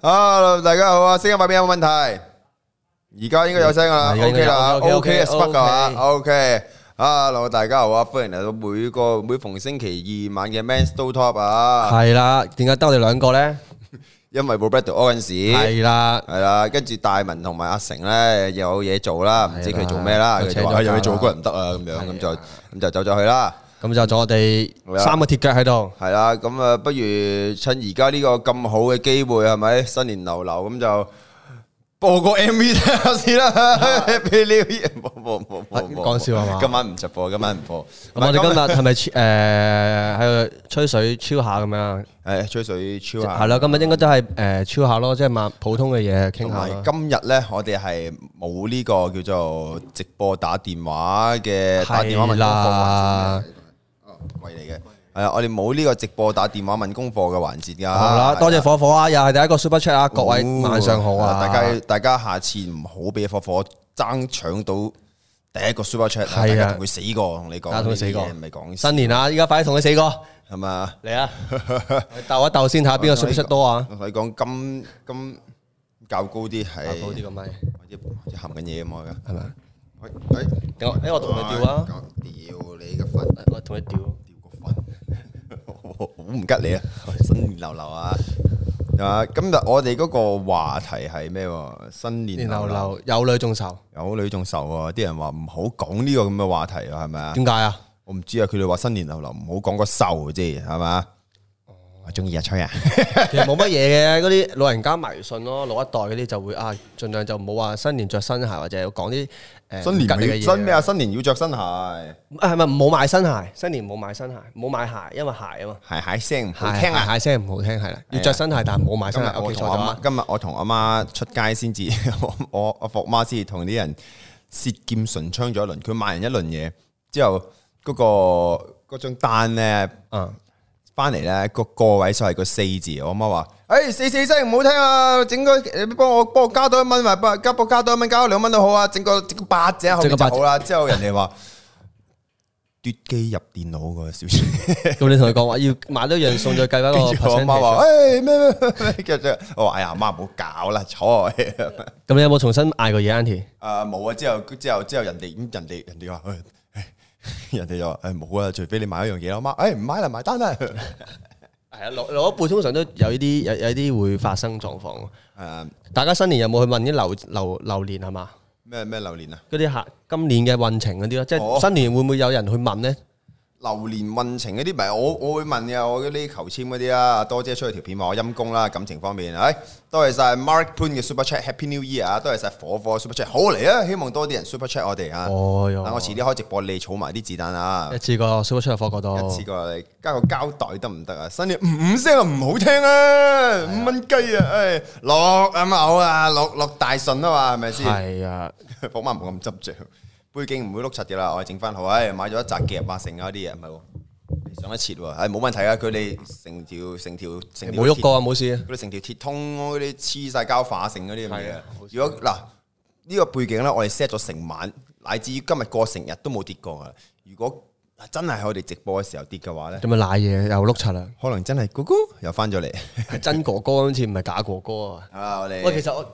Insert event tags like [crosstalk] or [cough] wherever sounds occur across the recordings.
Hello，大家好啊！聲音有冇問題？而家應該有聲啊，OK 啦，OK，OK，得噶啦，OK。啊，Hello 大家好啊，歡迎嚟到每個每逢星期二晚嘅 Men’s Store Top 啊。係啦，點解得我哋兩個咧？因為布雷迪屙陣時係啦，係啦，跟住大文同埋阿成咧有嘢做啦，唔知佢做咩啦。佢就話：，有嘢做個人唔得啊，咁樣咁就咁就走咗去啦。咁就咗我哋三個鐵腳喺度，係啦。咁啊，不如趁而家呢個咁好嘅機會，係咪新年流流咁就播個 MV 睇下先啦。俾啲嘢播播播播，講笑係嘛？今晚唔直播，今晚唔播。咁我哋今日係咪誒喺度吹水超下咁樣？誒，吹水超下。係啦，今日應該都係誒超下咯，即係嘛普通嘅嘢傾下。今日咧，我哋係冇呢個叫做直播打電話嘅打電話問嘅方法。貴嚟嘅，係啊，我哋冇呢個直播打電話問功課嘅環節噶。好啦，啊，多謝火火啊，又係第一個 super chat 啊，各位晚上好啊，啊大家大家下次唔好俾火火爭搶到第一個 super chat 啊，啊大家同佢死過，同你講，同佢死過，唔係講新年啊，依家快啲同你死過，係嘛吧，嚟啊，鬥 [laughs] 一鬥先吓，邊個 super 多啊？可以講金金較高啲係，較高啲個米，含緊嘢咁樣噶，係嘛？喂誒 [music] 我同你屌啊！屌你個份。我同你屌。屌 [music] 個份！好 [laughs] 唔吉利啊！新年流流啊！啊，今日我哋嗰個話題係咩？新年流流有女仲愁，有女仲愁啊！啲人話唔好講呢個咁嘅話題，係咪啊？點解啊？我唔知啊！佢哋話新年流流唔好講個愁啫，即係係嘛？嗯、我中意日吹啊！ [laughs] 其實冇乜嘢嘅，嗰啲老人家迷信咯，老一代嗰啲就會啊，盡量就唔好話新年着新鞋，或者講啲。新年夾嘅新咩啊？新年要着新鞋，啊係咪冇買新鞋？新年冇買新鞋，冇買鞋，因為鞋啊嘛，鞋鞋聲唔好聽啊，鞋聲唔好聽係啦，要着新鞋，但係冇買新鞋。我同阿媽今日我同阿媽出街先至，我阿霍媽先至同啲人舌劍唇槍咗一輪，佢賣人一輪嘢之後，嗰個，嗰個嗰張單咧，嗯。翻嚟咧，個位個位所係個四字，我媽話：，誒四四聲唔好聽啊！整個，你幫我幫我加多一蚊，咪加幫加多一蚊，加多兩蚊都好啊！整個八隻好就好啦。之後人哋話奪機入電腦個小事，咁你同佢講話要買多樣餸，再計翻。我媽話：，誒咩咩咩，跟住我話：，哎呀，媽唔好搞啦，坐。咁你有冇重新嗌個嘢？Auntie，冇啊！之後之後之後人哋人哋人哋話人哋又話誒冇啊，除非你買一樣嘢我媽，誒唔、哎、買啦，埋單啦。係啊，攞攞一輩，通常都有呢啲有有啲會發生狀況。誒、嗯，大家新年有冇去問啲流流流年係嘛？咩咩流年啊？嗰啲客今年嘅運程嗰啲咯，哦、即係新年會唔會有人去問咧？流年運程嗰啲咪我我會問嘅，我嗰啲求籤嗰啲啦，多謝出去條片話我陰公啦，感情方面，哎，多謝晒 Mark Poon 嘅 Super Chat Happy New Year 啊，多謝晒火火 Super Chat，好嚟啊，希望多啲人 Super Chat 我哋啊，嗱我遲啲開直播你儲埋啲子彈啊，一次過 Super Chat 火過多，一次過你加個膠袋得唔得啊？新年五聲啊唔好聽啊，五蚊雞啊，哎，落阿茂啊，落落大順啊嘛，係咪先？係啊，火馬冇咁執着。背景唔會碌柒嘅啦，我哋整翻好，哎，買咗一紮夾啊，剩啊啲嘢唔係喎，上得切喎，係冇問題嘅。佢哋成條成條成條冇喐過啊，冇事啊。佢哋成條鐵通嗰啲黐晒膠化成嗰啲嘢啊。如果嗱呢個背景咧，我哋 set 咗成晚，乃至於今日過成日都冇跌過啊。如果真係喺我哋直播嘅時候跌嘅話咧，咁咪瀨嘢又碌柒啦。可能真係哥哥又翻咗嚟，係真哥哥，好似唔係假哥哥啊。啊，我哋喂，其實我。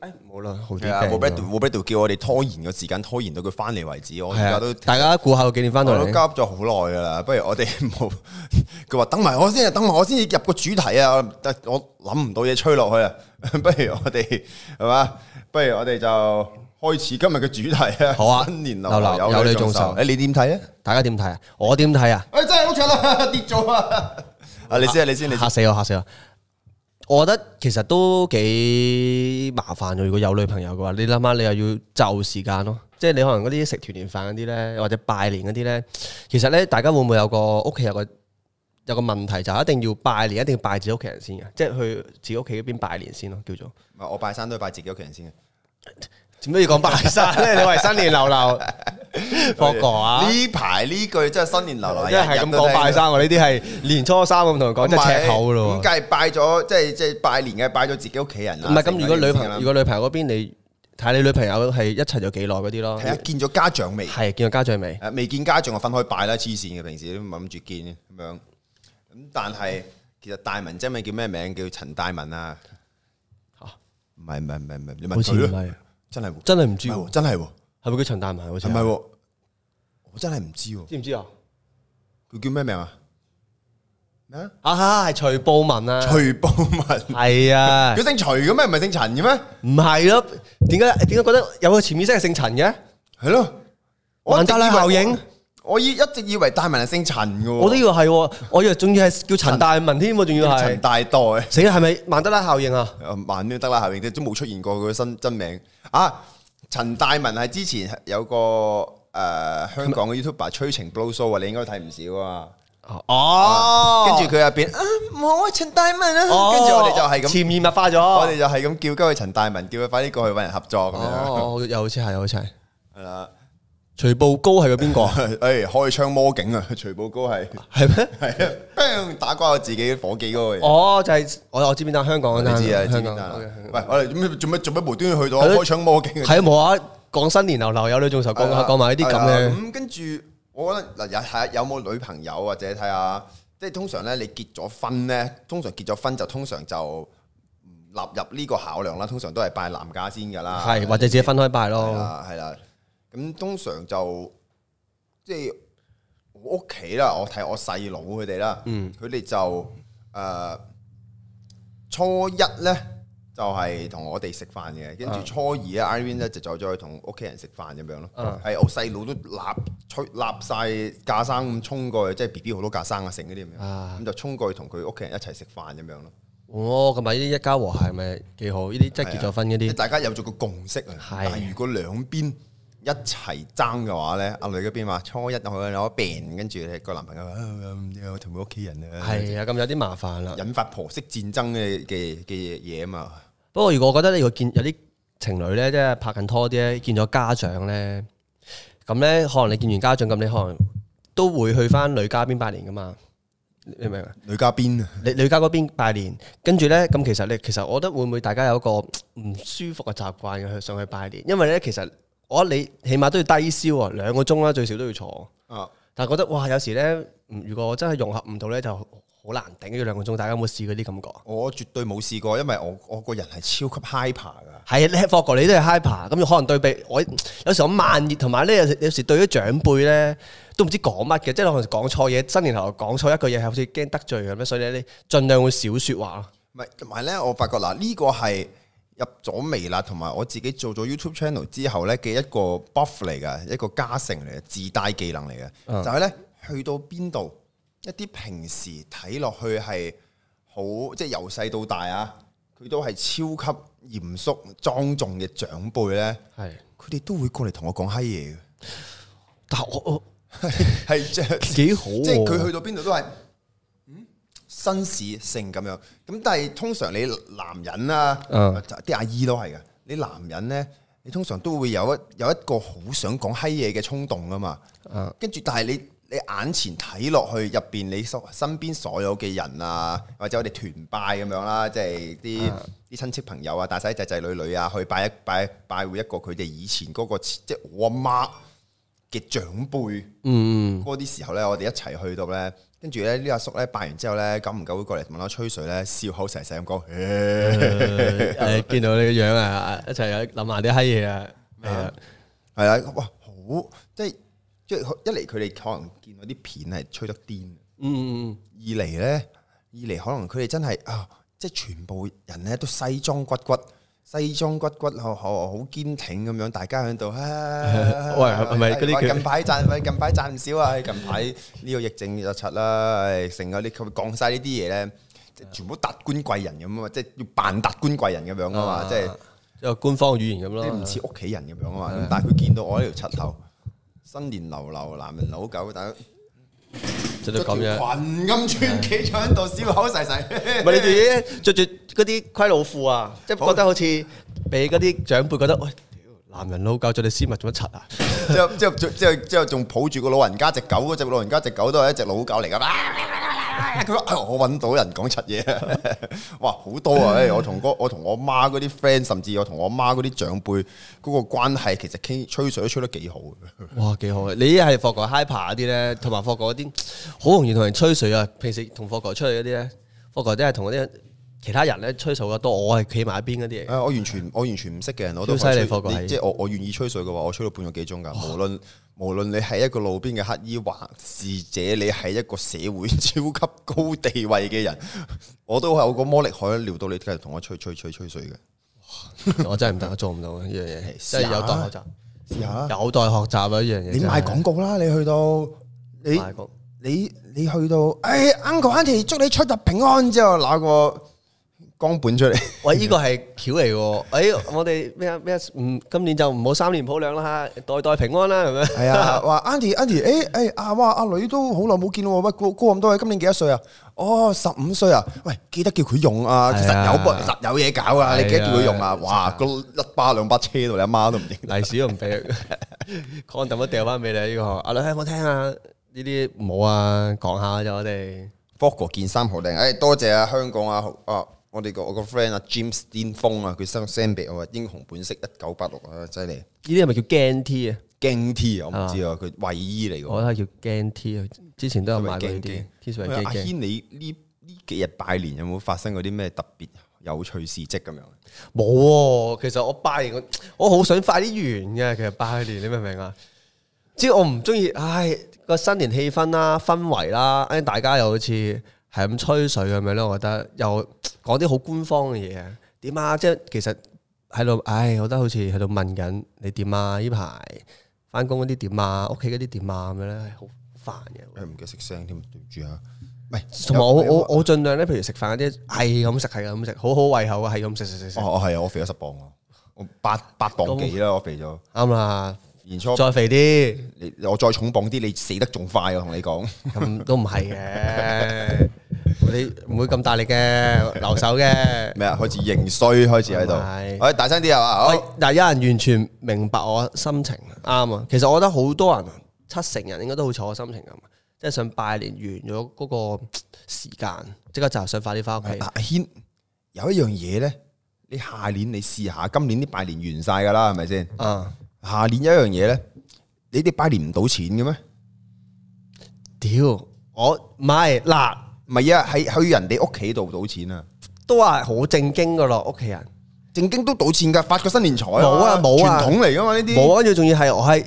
誒，冇啦，好啲啊，冇俾叫我哋拖延個時間，拖延到佢翻嚟為止。我而家都大家估下佢幾點翻到嚟？我都急咗好耐噶啦，不如我哋冇佢話等埋我先，等埋我先至入個主題啊！我諗唔到嘢吹落去啊！不如我哋係嘛？不如我哋就開始今日嘅主題啊！好啊，新年流流有你仲受，誒，你點睇啊？大家點睇啊？我點睇啊？誒，真係好慘啊，跌咗啊！啊，你先，你先，你嚇死我，嚇死我。我覺得其實都幾麻煩嘅，如果有女朋友嘅話，你諗下你又要就時間咯，即係你可能嗰啲食團年飯嗰啲咧，或者拜年嗰啲咧，其實咧大家會唔會有個屋企有個有個問題，就一定要拜年，一定要拜自己屋企人先嘅，即係去自己屋企嗰邊拜年先咯，叫做，我拜山都係拜自己屋企人先嘅，點解要講拜山咧，你話新年流流。 [laughs] 博哥啊！呢排呢句真係新年流流，即係咁講拜山。呢啲係年初三咁同佢講，即係赤口咯。咁梗係拜咗，即係即係拜年嘅，拜咗自己屋企人啊。唔係咁，如果女朋友，如果女朋友嗰邊，你睇你女朋友係一齊咗幾耐嗰啲咯？係啊，見咗家長未？係見咗家長未？未見家長，我分開拜啦。黐線嘅，平時都唔諗住見咁樣。咁但係，其實大文真係叫咩名？叫陳大文啊？吓，唔係唔係唔係唔係，你問唔係，真係真係唔知，真係。係咪叫陳大文好似？唔係，我真係唔知，知唔知啊？佢叫咩名啊？咩啊？係徐步文啊？徐步文係啊？佢姓徐嘅咩？唔係姓陳嘅咩？唔係咯？點解？點解覺得有個潛意識係姓陳嘅？係咯？曼德拉效應，我以一直以為大文係姓陳嘅。我都以為係，我以為仲要係叫陳大文添，仲要係陳大代。死係咪曼德拉效應啊？曼德拉效應即係都冇出現過佢嘅新真名啊！陳大文係之前有個誒、呃、香港嘅 YouTuber 嗎催情 blow show 啊，你應該睇唔少啊。哦，跟住佢入邊啊，面啊唔好啊，陳大文啊。跟住、哦、我哋就係咁潛移默化咗，我哋就係咁叫佢陳大文，叫佢快啲過去揾人合作咁、哦、樣。又好似係，又好似係。啊。徐步高係個邊個？誒，開槍魔警啊！徐步高係係咩？係啊，打瓜我自己伙計嗰個嘢。哦，就係我我知邊單香港嘅，你知啊？知？喂，我哋做咩做咩做咩無端端去到？開槍魔警係啊，冇啊！講新年流流有女仲受講下講埋啲咁嘅。咁跟住，我覺得嗱，又係有冇女朋友或者睇下，即係通常咧，你結咗婚咧，通常結咗婚就通常就納入呢個考量啦。通常都係拜男家先噶啦，係或者自己分開拜咯，係啦。咁通常就即係屋企啦，我睇我細佬佢哋啦，佢哋就誒，初一咧就係同我哋食飯嘅，跟住初二咧，Irene 一直就走去同屋企人食飯咁樣咯。係我細佬都立出立晒架生咁衝過去，即係 B B 好多架生啊，剩嗰啲咁樣，咁就衝過去同佢屋企人一齊食飯咁樣咯。哦，咁咪呢啲一家和諧咪幾好？呢啲即係結咗婚嗰啲，大家有咗個共識啊。但係如果兩邊。一齊爭嘅話咧，阿女嗰邊話初一我有病，跟住個男朋友同佢屋企人啊。係啊，咁有啲麻煩啦，引發婆媳戰爭嘅嘅嘅嘢啊嘛。不過如果我覺得你會見有啲情侶咧，即係拍緊拖啲咧，見咗家長咧，咁咧可能你見完家長咁，你可能都會去翻女家邊拜年噶嘛。你明唔明女家邊啊？你女家嗰邊拜年，跟住咧咁其實你，其實我覺得會唔會大家會會有一個唔舒服嘅習慣去上去拜年？因為咧其實。我你起碼都要低燒啊，兩個鐘啦最少都要坐。啊！但係覺得哇，有時咧，如果真係融合唔到咧，就好難頂，呢兩個鐘，大家有冇試過啲感覺？我絕對冇試過，因為我我個人係超級 hyper 㗎。係啊，你發覺你都係 hyper，咁又可能對比我有時候慢熱，同埋咧有時對於長輩咧都唔知講乜嘅，即係有時講錯嘢，新年頭講錯一句嘢係好似驚得罪咁樣，所以咧你盡量會少説話咯。唔係同埋咧，我發覺嗱呢個係。入咗微辣，同埋我自己做咗 YouTube channel 之後呢，嘅一個 buff 嚟嘅，一個加成嚟嘅，自帶技能嚟嘅、嗯。就係呢，去到邊度，一啲平時睇落去係好即係由細到大啊，佢都係超級嚴肅莊重嘅長輩呢，係是，佢哋都會過嚟同我講嗨嘢嘅。但係我係係幾好、啊，即係佢去到邊度都係。紳士性咁樣，咁但係通常你男人啦、啊，啲、uh. 啊、阿姨都係嘅。你男人呢，你通常都會有一有一個好想講閪嘢嘅衝動啊嘛。跟住、uh.，但係你你眼前睇落去入邊，面你身邊所有嘅人啊，或者我哋團拜咁樣啦，即係啲啲親戚朋友啊，大細仔仔女女啊，去拜一拜一拜會一,一個佢哋以前嗰、那個即係、就是、我阿媽嘅長輩。嗯，嗰啲時候呢，我哋一齊去到呢。跟住咧，呢阿叔咧拜完之後咧，久唔久會過嚟問我吹水咧，笑口成成咁講。誒，見到你個樣啊，一齊諗下啲閪嘢啊，係啊，哇，好，即係即係一嚟佢哋可能見到啲片係吹得癲，嗯嗯嗯，二嚟咧，二嚟可能佢哋真係啊，即係全部人咧都西裝骨骨，西裝骨骨，好好，好堅挺咁樣，大家喺度，啊、喂，唔係嗰啲近排賺， [laughs] 近排賺唔少啊！近排呢個疫症又柒啦，成、哎、個你佢講晒呢啲嘢咧，即係全部達官貴人咁啊，即係要扮達官貴人咁樣啊嘛，即係即係官方語言咁咯，唔似屋企人咁樣啊嘛，但係佢見到我呢條柒頭，新年流流，男人老狗，但。真係咁樣，群咁穿，企坐喺度，口齊齊笑口好細細。唔係你哋，着住嗰啲虧老褲啊，好即係覺得好似俾嗰啲長輩覺得，喂、哎，男人老狗着你，絲襪做乜柒啊？之係 [laughs] 即係即係即係，仲抱住個老人家隻狗，嗰隻老人家隻狗都係一隻老狗嚟噶。啊啊佢、啊哎，話：我揾到人講柒嘢，哇好多啊！我同我同我媽嗰啲 friend，甚至我同我媽嗰啲長輩嗰個關係，其實傾吹水都吹得幾好嘅。哇，幾好啊！你係霍國 hyper 啲咧，同埋霍國嗰啲好容易同人吹水啊。平時同霍國出去嗰啲咧，霍國都係同嗰啲。其他人咧吹水嘅多，我係企埋一邊嗰啲嘢。我完全我完全唔識嘅人，我都犀利，我即係我我願意吹水嘅話，我吹到半個幾鐘噶。無論無論你係一個路邊嘅乞衣還是者，你係一個社會超級高地位嘅人，啊、我都係有個魔力可以撩到你，即係同我吹吹吹吹水嘅。我真係唔得，我做唔到呢樣嘢，即係 [laughs] 有待學習。試下、有待學習啊！呢樣嘢。你賣廣告啦，你去到你你個你去到誒、哎、，uncle auntie 祝你出入平安之後，那個？光本出嚟，喂， [music] 呢、哎、個係橋嚟喎，誒、哎，我哋咩啊咩啊，今年就唔好三年抱兩啦嚇，代代平安啦咁樣，係啊，話 Aunty Aunty，誒誒，啊、哎哎哎，哇，阿女都好耐冇見喎，喂、哎，高咁多今年幾多歲？哦、歲啊？哦，十五歲啊，喂，記得叫佢用啊，啊其實有波，實有嘢搞啊，你記得叫佢用啊，哇，啊、一個一巴兩巴車到，你阿媽，媽都唔認，利是都唔俾，Condom 掉翻俾你呢、這個，阿女聽唔聽啊？呢啲冇啊，講下啫，我哋 Focus 件衫好靚，誒，多謝啊，香港啊，啊。我哋個我個 friend 啊，James 巔峰啊，佢 send 俾我話英雄本色一九八六啊，犀利！呢啲係咪叫 GNT a 啊？GNT a 我唔知啊，佢衛衣嚟嘅。我係叫 GNT a 啊，之前都有買過啲。阿軒，你呢呢幾日拜年有冇發生過啲咩特別有趣事跡咁樣？冇，其實我拜年我好想快啲完嘅。其實拜年你明唔明啊？ [laughs] 即係我唔中意，唉個新年氣氛啦，氛圍啦，大家又好似。係咁吹水咁樣咯，我覺得又講啲好官方嘅嘢啊，點啊，即係其實喺度，唉，我覺得好似喺度問緊你點啊？呢排返工嗰啲點啊？屋企嗰啲點啊？咁樣咧，好煩嘅。誒，唔記得食聲添，對唔住啊！係，同埋我我我盡量咧，譬如食飯嗰啲係咁食，係咁食，好好胃口啊，係咁食食食食。哦哦，係啊，我肥咗十磅啊，8, 8磅那個、我八八磅幾啦，我肥咗。啱啦。年初再肥啲，你我再重磅啲，你死得仲快，我同你講，咁都唔係嘅，你唔 [laughs] 會咁大力嘅，留守嘅咩 [laughs] 啊？開始認衰，開始喺度，喂是，大聲啲係嘛？喂，嗱，有人完全明白我心情，啱啊！其實我覺得好多人七成人應該都好似我心情咁，即、就、係、是、想拜年完咗嗰個時間，即刻就想快啲翻屋企。阿軒有一樣嘢咧，你下年你試下，今年啲拜年完晒噶啦，係咪先？啊、嗯！下年一樣嘢咧，你哋拜年唔賭錢嘅咩？屌，我唔係嗱，咪一啊，喺去人哋屋企度賭錢啊，都話好正經噶咯，屋企人正經都賭錢噶，發個新年財，冇啊冇啊，啊啊傳統嚟噶嘛呢啲，冇啊仲要係我喺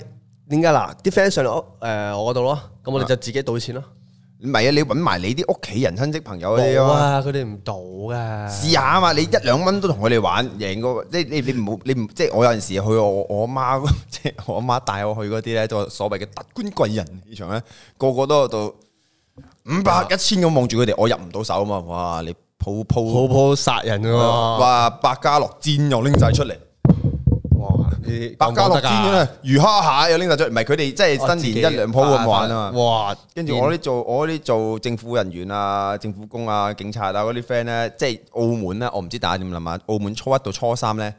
點解嗱啲 friend 上嚟屋誒我度咯，咁、呃、我哋就自己賭錢咯。啊唔係啊！你揾埋你啲屋企人、親戚朋友去賭啊！佢哋唔賭噶。試下啊嘛！你一兩蚊都同佢哋玩，贏個，即係你你唔好，你唔即係我有陣時去我我阿媽，即係我阿媽帶我去嗰啲咧，就所謂嘅達官貴人市場咧，個個都到五百、啊、一千咁望住佢哋，我入唔到手啊嘛！哇！你鋪鋪鋪殺人啊！哇！百家樂戰又拎晒出嚟。百家樂咁啊，魚蝦蟹啊，拎曬出，唔係佢哋即係新年一兩鋪咁玩啊嘛。哇塞！跟住我啲做我啲做政府人員啊、政府工啊、警察啊嗰啲 friend 咧，即係澳門咧，我唔知大家點諗啊？澳門初一到初三咧。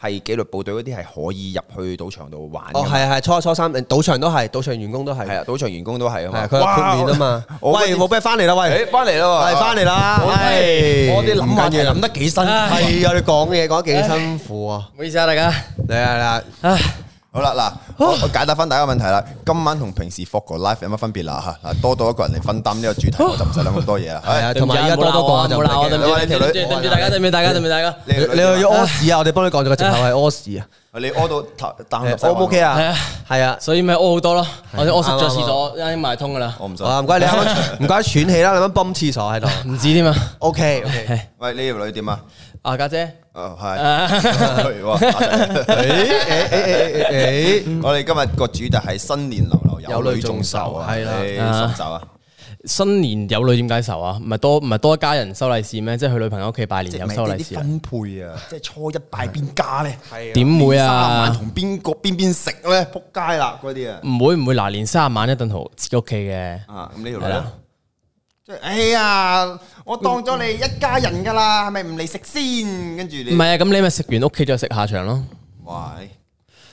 係紀律部隊嗰啲係可以入去賭場度玩。哦，係係初一、初三，賭場都係，賭場員工都係。係啊，賭場員工都係啊嘛。係。嘛。喂，冇畀翻嚟啦？喂，誒，翻嚟咯？係翻嚟啦？喂！我啲諗緊嘢，諗得幾辛苦。係啊，你講嘢講得幾辛苦啊？唔好意思啊，大家嚟啦。唉。好啦，嗱，我解答翻大家問題啦。今晚同平時《Fog Life》有乜分別啦？吓，多到一個人嚟，分擔呢個主題，我就唔使諗咁多嘢啦。同埋而家多到冇鬧啊。對唔住大家，對唔住大家，對唔住大家。你你要屙屎啊？我哋幫你講咗個直頭係屙屎啊。你屙到彈落晒，OK 啊？係啊，係啊，所以咪屙好多咯。我哋屙實咗廁所，一陣埋通噶啦。我唔使，唔該你，唔該喘氣啦，你咁泵廁所喺度，唔止添啊。OK，喂，呢條女點啊？阿家、啊、姐，姐，誒係、哦，我哋今日個主題係新年流流有女仲愁」。 [laughs] 啊，係啦，啊！新年有女點解愁啊？唔係多唔係多一家人收利是咩？即係去女朋友屋企拜年有收利是。分配啊！啊即係初一拜邊家咧？點會啊？同邊個邊邊食咧？扑街啦嗰啲啊！唔會唔會嗱，年卅晚一頓同自己屋企嘅咁呢度啦。哎呀，我當咗你一家人㗎啦，係咪唔嚟食先？跟住你唔係啊，咁你咪食完屋企再食下場咯。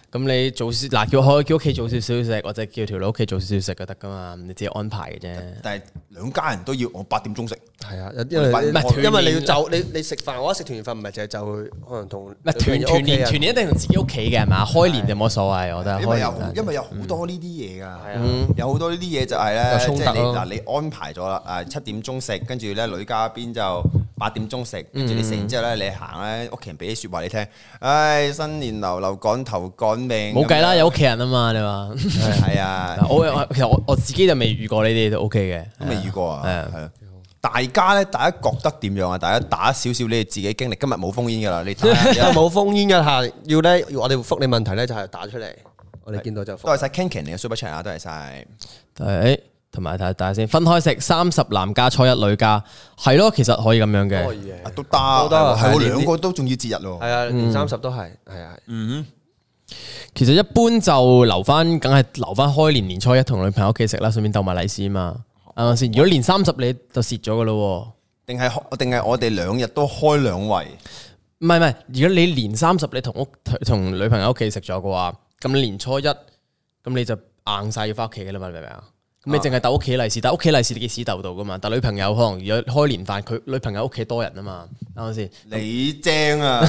咁你做少嗱叫佢叫屋企做少少食，或者叫條女屋企做少少食就得噶嘛，你自己安排嘅啫。但係兩家人都要我八點鐘食。係啊，唔係因為你要就你你食飯，我食團圓飯唔係就就可能同唔係團年團年一定同自己屋企嘅係嘛，開年就冇所謂，我覺得。唔係啊，因為有好多呢啲嘢噶，係啊，有好多呢啲嘢就係咧，即嗱你安排咗啦，誒七點鐘食，跟住咧女家邊就。八點鐘食，跟住你食完之後咧，你行咧，屋企人俾啲説話你聽。唉，新年流流趕頭趕命，冇計啦，有屋企人啊嘛，你話？係啊， [laughs] 對 [laughs] 我其實我我自己就未遇過呢啲，都 OK 嘅，都未遇過啊。係啊，係啊對。對大家咧，大家覺得點樣啊？大家打少少你哋自己經歷，今日冇封煙噶啦，你冇封煙一下，要咧，我哋會覆你問題咧，就係打出嚟，我哋見到就覆。多謝晒 KenKen 嘅 Super Chat 啊，都係晒。對。同埋睇下，大家先，分開食，三十男家，初一女家，係咯，其實可以咁樣嘅，哦、都得，係兩個都仲要節日咯，係啊，三十都係，係啊，嗯，嗯其實一般就留翻，梗係留翻開年年初一同女朋友屋企食啦，順便逗埋利是嘛。啱、嗯啊、先，如果年三十你就蝕咗噶咯，定係定係我哋兩日都開兩圍，唔係唔係，如果你年三十你同屋同女朋友屋企食咗嘅話，咁年初一咁你就硬晒要翻屋企噶啦嘛，明唔明啊？咪淨係鬥屋企利是，但屋企利是你幾時鬥到噶嘛？但女朋友可能有開年飯，佢女朋友屋企多人啊嘛，啱唔啱先？你正啊！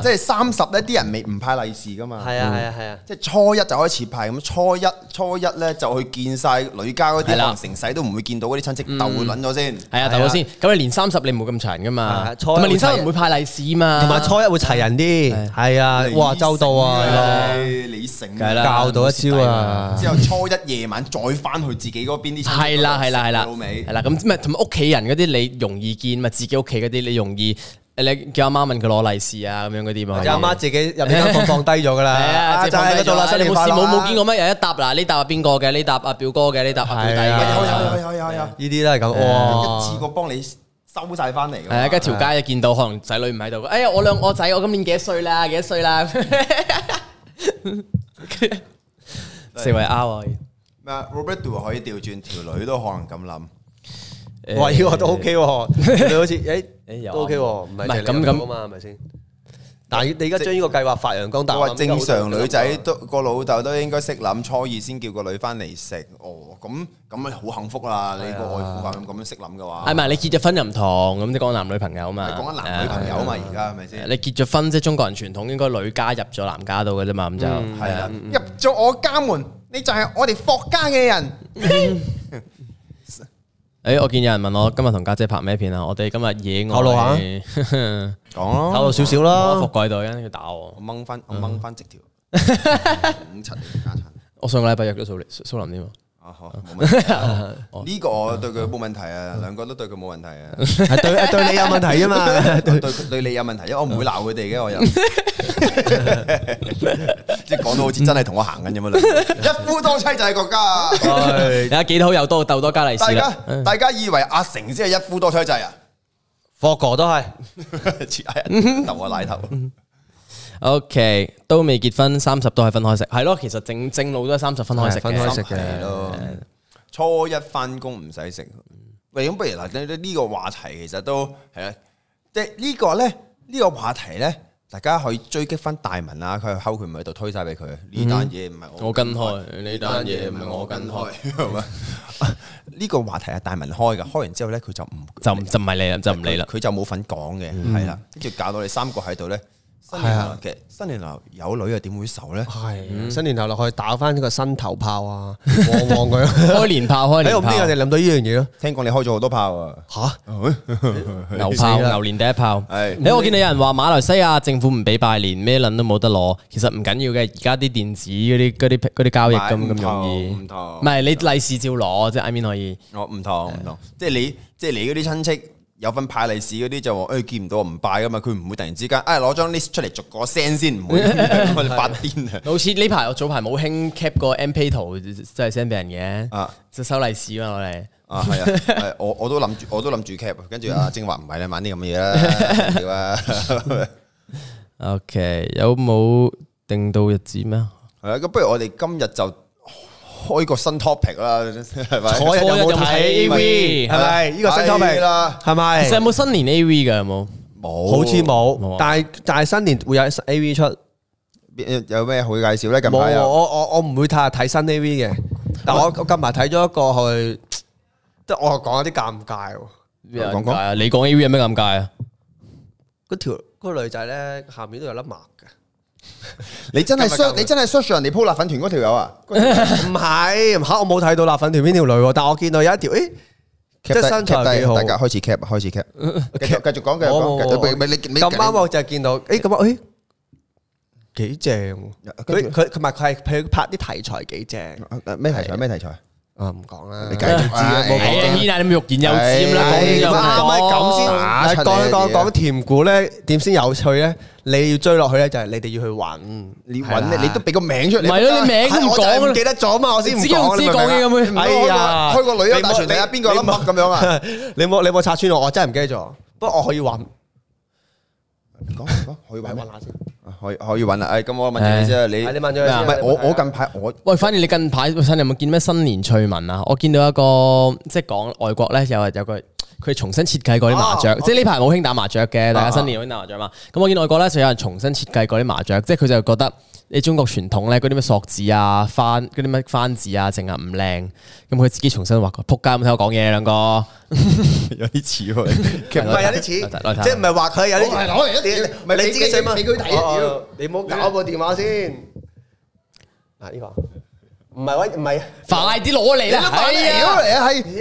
即係三十呢啲人未唔派利是噶嘛？係啊係啊係啊！即係初一就開始派咁，初一初一咧就去見晒女家嗰啲啦，成世都唔會見到嗰啲親戚鬥會攆咗先。係啊，鬥咗先。咁你年三十你冇咁長噶嘛？同埋年三十唔會派利是嘛？同埋初一會齊人啲。係啊，哇，周到啊！你醒教到一招啊！之後初一夜。再翻去自己嗰邊啲，係啦係啦係啦，到係啦。咁咪同屋企人嗰啲你容易見，咪自己屋企嗰啲你容易媽媽。你叫阿媽問佢攞利是啊，咁、ah, 啊哎啊哎啊、樣嗰啲嘛。阿媽自己入放低咗噶啦，係啊，就喺嗰度啦。新年冇冇見過咩？人一搭嗱？呢搭係邊個嘅？呢搭阿表哥嘅？呢搭表弟啊？有有有有有有。呢啲都係咁，哇！一次過幫你收晒翻嚟。係啊，跟住條街見到可能仔女唔喺度，哎呀，我兩個仔我今年幾歲啦？幾歲啦？笑 [laughs] 四位阿外。Robert Do 可以調轉條女都可能咁諗，位都 OK 你好似誒誒 OK 唔係咁咁啊 [laughs] 嘛，係咪先。但你而家將呢個計劃發揚光大，我話正常女仔都個老豆都應該識諗，初二先叫個女翻嚟食。哦，咁咁咪好幸福啦！哎、呀你個外父咁咁樣識諗嘅話，誒係咪？你結咗婚又唔同，咁你講男女朋友啊嘛？你講緊男女朋友啊嘛？而家係咪先？是是你結咗婚即係、就是、中國人傳統應該女家入咗男家度嘅啫嘛，咁就係啦。入咗我家門，你就係我哋霍家嘅人。 [laughs] 誒、欸，我見有人問我今日同家姐拍咩片呵呵啊？我哋今日野外透露下，講透露少少啦，覆蓋到跟住打我，掹翻，掹翻直條，五七年嘅家產。我上個禮拜約咗蘇林，蘇林添啊。哦，呢個對佢冇問題啊，兩個都對佢冇問題啊，對對你有問題啊嘛，對對你有問題，因為我唔會鬧佢哋嘅，我又即係講到好似真係同我行緊咁樣，一夫多妻制國家，而家幾好又多斗多加利，大家大家以為阿成先係一夫多妻制啊，霍哥都係，留我奶頭。O K，都未結婚，三十都係分開食，係咯。其實正正路都係三十分開食，分開食嘅。初一翻工唔使食。喂，咁不如嗱，呢呢呢個話題其實都係啦，即係呢個咧，呢個話題咧，大家可以追擊翻大文啊。佢後佢唔喺度推晒俾佢，呢單嘢唔係我跟開，呢單嘢唔係我跟開，呢個話題係大文開㗎，開完之後咧，佢就唔就就唔係你啦，就唔理啦，佢就冇份講嘅，係啦。跟住搞到你三個喺度咧。係啊，其實新年頭有女又點會愁咧？係新年頭落去打翻呢個新頭炮啊，望望佢開年炮，開年炮。喺我哋諗到呢樣嘢咯？聽講你開咗好多炮啊？吓？牛炮，牛年第一炮。係。誒，我見到有人話馬來西亞政府唔俾拜年，咩捻都冇得攞。其實唔緊要嘅，而家啲電子嗰啲啲啲交易咁咁容易。唔同。唔係你利是照攞，即係 I mean 可以。哦，唔同唔同。即係你，即係你啲親戚。有份派利是嗰啲就話，誒、哎、見唔到唔拜噶嘛，佢唔會突然之間，哎攞張 list 出嚟逐個 send 先，唔會我哋發癲啊。好似呢排我早排冇興 cap 個 MP 圖，真係 send 俾人嘅，啊、就收利是嘛我哋。啊係啊， [laughs] 我我都諗住我都諗住 cap，跟住阿晶話唔係你玩啲咁嘢啦。啊、 [laughs] [laughs] o、okay, K 有冇定到日子咩？係啊，咁不如我哋今日就。開個新 topic 啦，有冇睇 AV，係咪？呢個新 topic 啦，係咪？其實有冇新年 AV 㗎？有冇？冇，好似冇。但係但係新年會有 AV 出，有咩好介紹咧？近排啊，我我我唔會太睇新 AV 嘅，但我我近排睇咗一個去，即係我又講有啲尷尬。尷尬啊！你講 AV 有咩尷尬啊？嗰條嗰個女仔咧，下面都有粒毛。一你真係 search 你真係 search 人哋鋪辣粉團嗰條友啊？唔係，吓，我冇睇到辣粉團邊條女，但我見到有一條，誒，即係新劇，大家開始 cap，開始 cap，繼續講，繼、哦哦、續講，唔，你咁啱，我就見到，誒，咁啱，誒，幾正，佢佢同埋佢係佢拍啲題材幾正，咩、啊、題材？咩題材？我唔講啦，你繼續知啦。依家你欲言又止啦，啱啱咁先打。講講講甜股咧，點先有趣咧？你要追落去咧，就係你哋要去揾，你揾咧，你都俾個名出嚟。係咯，你名都唔講，記得咗嘛？我先唔知。點解我知講嘢咁樣？哎呀，開個女音大傳遞啊，邊個笠笠咁樣啊？你冇你冇拆穿我，我真係唔記得咗。不過我可以揾，講講可以搵下先。可以可以揾誒，咁、哎、我問你先、哎、你係、哎、你問咗？唔係、啊、我我近排我喂，反正你近排睇有冇見咩新年趣聞啊？我見到一個即係講外國咧，有有個佢重新設計過啲麻雀，啊、即係呢排冇興打麻雀嘅，啊、大家新年好興打麻雀嘛。咁、啊、我見外國咧就有人重新設計過啲麻雀，即係佢就覺得。你中國傳統咧嗰啲咩索字啊、番嗰啲咩番字啊，淨係唔靚，咁佢自己重新畫過。仆街，有冇聽我講嘢兩個？有啲似佢，其實唔係有啲似，即係唔係話佢有啲似。攞嚟啦，唔係你自己想自己睇。你唔好搞個電話先。啊，呢個唔係喂，唔係快啲攞嚟啦！屌你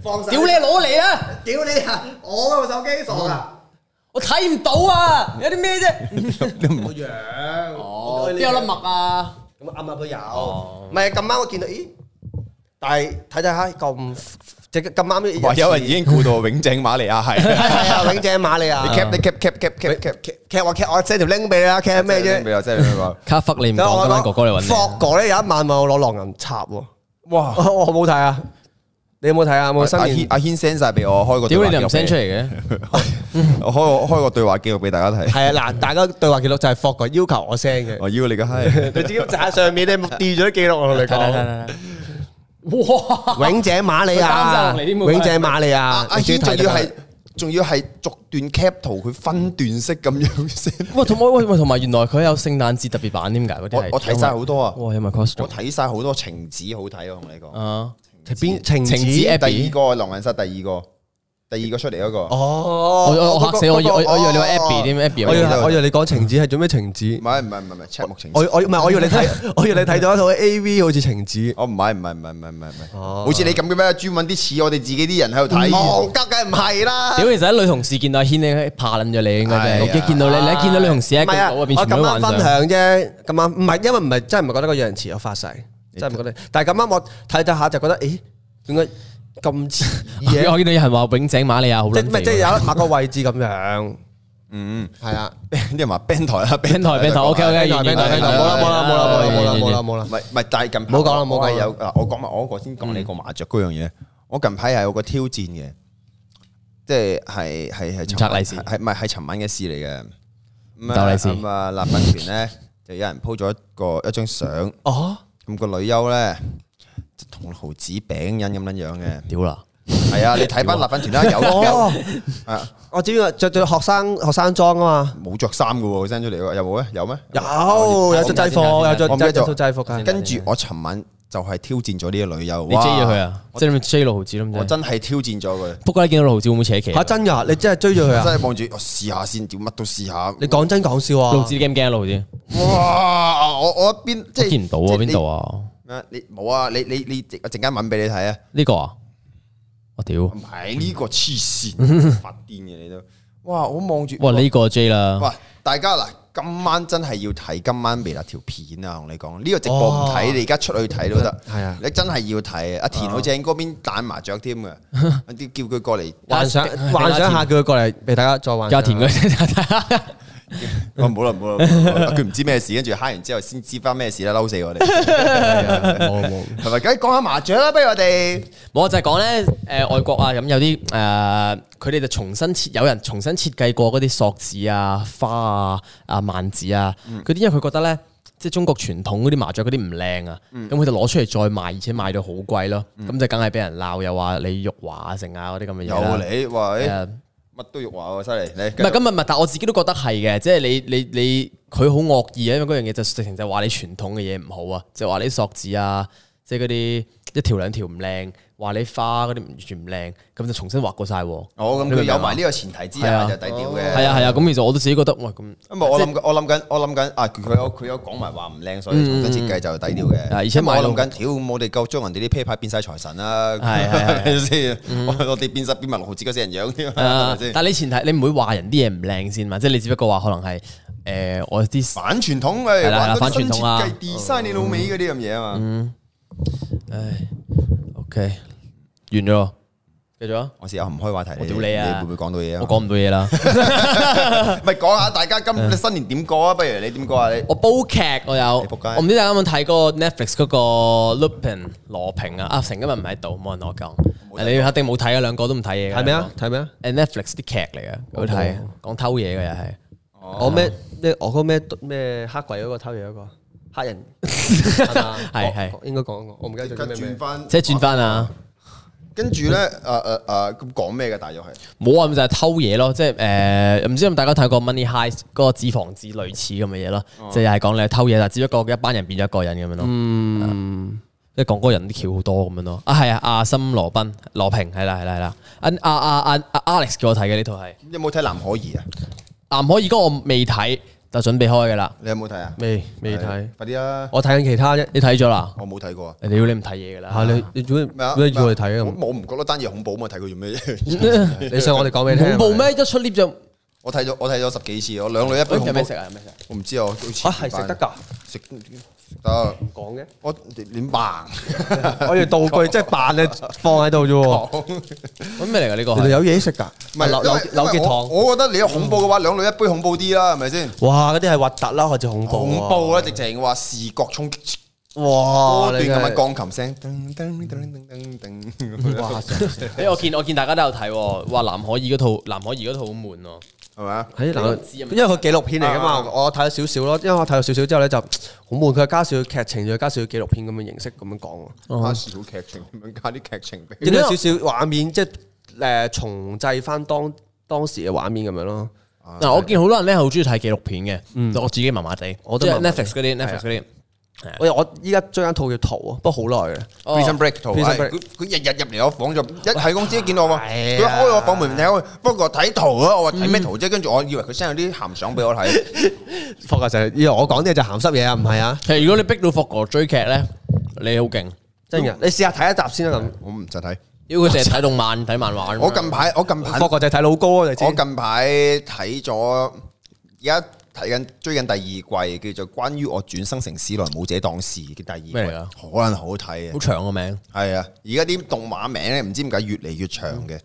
閪，屌你攞嚟啦！屌你啊！我個手機鎖㗎，我睇唔到啊！有啲咩啫？冇樣。邊有粒墨啊？咁啊，啱啱佢有，唔係咁啱我見到，咦？但係睇睇下咁，即係咁啱咧。哇！有人已經估到永井瑪利亞係，永井瑪利亞。你 keep 你 keep keep keep keep keep keep 我 keep 我 send 條 link 俾你啦，keep 咩啫？俾我 send 俾我。卡福你唔講啦，國哥你揾。霍哥咧有一晚問我攞狼人插喎，哇！好唔好睇啊？你有冇睇啊？有冇新軒？阿軒 send 晒俾我，開個對屌你又唔 send 出嚟嘅？我開個開個對話記錄俾大家睇。係啊，嗱，大家對話記錄就係霍個要求我 send 嘅。我要你嘅閪，你自己炸上面，你掉咗記錄同你講。哇！《永井瑪利亞》，《永井瑪利亞》。阿軒仲要係，仲要係逐段 c a p t a 佢分段式咁樣 s e n，同埋同埋原來佢有聖誕節特別版，點解？我我睇晒好多啊！我睇晒好多情紙好睇，我同你講。邊情情子？第二個，狼人殺第二個，第二個出嚟嗰個。哦，我嚇死我！我我以為你話 Abby 添，Abby 我以為你講情子係做咩情子？唔係唔係唔係唔係赤目情。我我唔係我以為你睇，我以為你睇到一套 A V 好似情子。我唔係唔係唔係唔係唔係，好似你咁嘅咩？專門啲似我哋自己啲人喺度睇，冇梗嘅唔係啦。屌，其實啲女同事見到阿軒咧怕卵咗你，應該啫。見到你，你一見到女同事喺群組入邊全部都分享啫。今晚唔係因為唔係真係唔覺得個樣似我，發誓。真係唔覺得，但係咁啱我睇咗下就覺得，咦，點解咁似嘢？我見到有人話永井馬利亞好靚，即係咪即係有下個位置咁樣？嗯，係啊，啲人話 band 台啦，band 台 band 台，ok ok band 台 band 台，冇啦冇啦冇啦冇啦冇啦，唔係唔係，但係近排冇講啦，冇係有，我講埋我嗰個先講你個麻雀嗰樣嘢。我近排係有個挑戰嘅，即係係係係拆利是，係咪係尋晚嘅事嚟嘅？拆利是啊！立版權咧，就有人 po 咗一個一張相哦。咁個女優咧，同毫子餅印咁樣樣嘅，屌啦！係啊，你睇翻《立筆傳奇》有啊，我知着着學生學生裝啊嘛，冇着衫噶喎，佢 send 出嚟有冇咧？有咩？有，有着制服，有着制服，跟住我尋晚。就係挑戰咗呢個女友，你追咗佢啊？即係咪追六毫子？我真係挑戰咗佢，不過你見到六毫子會唔會扯旗？吓，真噶，你真係追咗佢啊？真係望住，我試下先，點乜都試下。你講真講笑啊？六毫子驚唔驚六毫子。哇！我我一邊即係，我見唔到啊，邊度啊？你冇啊？你你你，一陣間揾俾你睇啊？呢個啊？我屌，唔係呢個黐線發癲嘅你都，哇！我望住，哇，呢個 J 啦，喂！大家嗱。今晚真係要睇今晚微辣條片啊！同你講呢、這個直播唔睇，哦、你而家出去睇都得。係啊、嗯，你真係要睇、嗯、阿田好正，嗰邊打麻雀添嘅， [laughs] 叫佢過嚟 [laughs] 幻想幻想下佢過嚟俾大家再玩下阿田嗰 [laughs] 我冇啦冇啦，佢唔、啊、知咩事，跟住嗨完之後先知翻咩事 [laughs] 啦，嬲死我哋！冇冇、啊，係咪、啊？梗係講下麻雀啦，不如我哋，我就係講咧，誒外國啊，咁有啲誒，佢哋就重新設，有人重新設計過嗰啲索子啊、花啊、啊萬子啊，佢啲因為佢覺得咧，即係中國傳統嗰啲麻雀嗰啲唔靚啊，咁佢、嗯、就攞出嚟再賣，而且賣到好貴咯，咁、嗯、就梗係俾人鬧，又話你辱華啊，成啊嗰啲咁嘅嘢。又嚟喂！等等你都辱華喎，犀利！唔係，今日唔係，但我自己都覺得係嘅，即係你你你，佢好惡意啊，因為嗰樣嘢就直情就話你傳統嘅嘢唔好啊，就話你索紙啊，即係嗰啲一條兩條唔靚。話你花嗰啲完全唔靚，咁就重新畫過晒。哦，咁佢有埋呢個前提之下就抵屌嘅。係啊係啊，咁其實我都自己覺得，喂咁。咁我諗我諗緊，我諗緊啊，佢有佢有講埋話唔靚，所以重新設計就抵屌嘅。而且我諗緊，屌，我哋夠將人哋啲啤牌變晒財神啦，係係，我哋變十變萬六毫子嗰死人樣添。但係你前提，你唔會話人啲嘢唔靚先嘛？即係你只不過話可能係誒，我啲反傳統嘅，係反傳統啊，design 你老味啲咁嘢啊嘛。嗯，OK 完咗，繼續啊！我先唔開話題，我屌你啊！你會唔會講到嘢啊？我講唔到嘢啦，咪講下大家今年新年點過啊？不如你點過啊？我煲劇我有，我唔知大家有冇睇過 Netflix 嗰個 Lupin 羅平啊？阿成今日唔喺度，冇人同我講，你肯定冇睇啊！兩個都唔睇嘢，係咩啊？睇咩啊？誒，Netflix 啲劇嚟嘅，好睇，講偷嘢嘅又係，我咩？即係我嗰咩咩黑鬼嗰個偷嘢嗰個黑人，係係應該講我，我唔記得轉翻，即係轉翻啊！跟住咧，誒誒誒，咁講咩嘅？大約係冇啊，咪就係、是、偷嘢咯，即係誒，唔知咁大家睇過 Money Heist 嗰個紙房子類似咁嘅嘢咯，即係又係講你偷嘢，但只不過一班人變咗一個人咁樣咯。嗯，嗯即係講嗰人啲橋好多咁樣咯。啊，係啊，阿森羅賓羅平係啦係啦係啦，阿阿阿阿 Alex 叫我睇嘅呢套係。你有冇睇《啊、藍可兒》啊？藍可兒嗰個我未睇。就準備開嘅啦，你有冇睇啊？未未睇，快啲啦！我睇緊其他啫，你睇咗啦？我冇睇過，屌你唔睇嘢噶啦！你你要咩？咩啊？我唔覺得單嘢恐怖嘛，睇佢做咩啫？你想我哋講俾你恐怖咩？一出 lift 就我睇咗，我睇咗十幾次，我兩女一杯恐怖。有咩食啊？有咩食？我唔知啊，係食得噶食。講嘅，我點扮，我用道具即係扮你放喺度啫。講，咁咩嚟噶呢個？有嘢食噶，唔係扭扭結糖。我覺得你恐怖嘅話，兩女一杯恐怖啲啦，係咪先？哇，嗰啲係核突啦，或者恐怖。恐怖啊！直情話視覺衝擊。哇，不斷咁嘅鋼琴聲。哇！誒，我見我見大家都有睇，哇！藍可兒嗰套藍可兒嗰套好悶咯。係咪啊？係嗱，因為佢紀錄片嚟噶嘛，我睇咗少少咯。因為我睇咗少少之後咧，就好悶。佢加少少劇情，再加少少紀錄片咁嘅形式咁樣講，加少少劇情咁樣加啲劇情，影咗少少畫面，即係誒重製翻當當時嘅畫面咁樣咯。嗱，我見好多人咧好中意睇紀錄片嘅，我自己麻麻地，即係啲 Netflix 嗰啲。我我依家追緊套嘅圖啊，不過好耐啦。Reason break 圖，佢佢日日入嚟我房就喺公司見到我，佢開我房門，你開。不過睇圖咯，我話睇咩圖啫？跟住我以為佢 send 有啲鹹相俾我睇。法國仔，我講啲嘢就鹹濕嘢啊，唔係啊。其實如果你逼到法國追劇咧，你好勁，真嘅。你試下睇一集先啦。我唔想睇，因為佢成日睇動漫、睇漫畫。我近排我近排法國仔睇老哥啊，你知。我近排睇咗一。睇緊追緊第二季，叫做《關於我轉生成史萊姆這檔事嘅第二季，麼可能好睇啊！好長個名，係啊！而家啲動畫名咧，唔知點解越嚟越長嘅，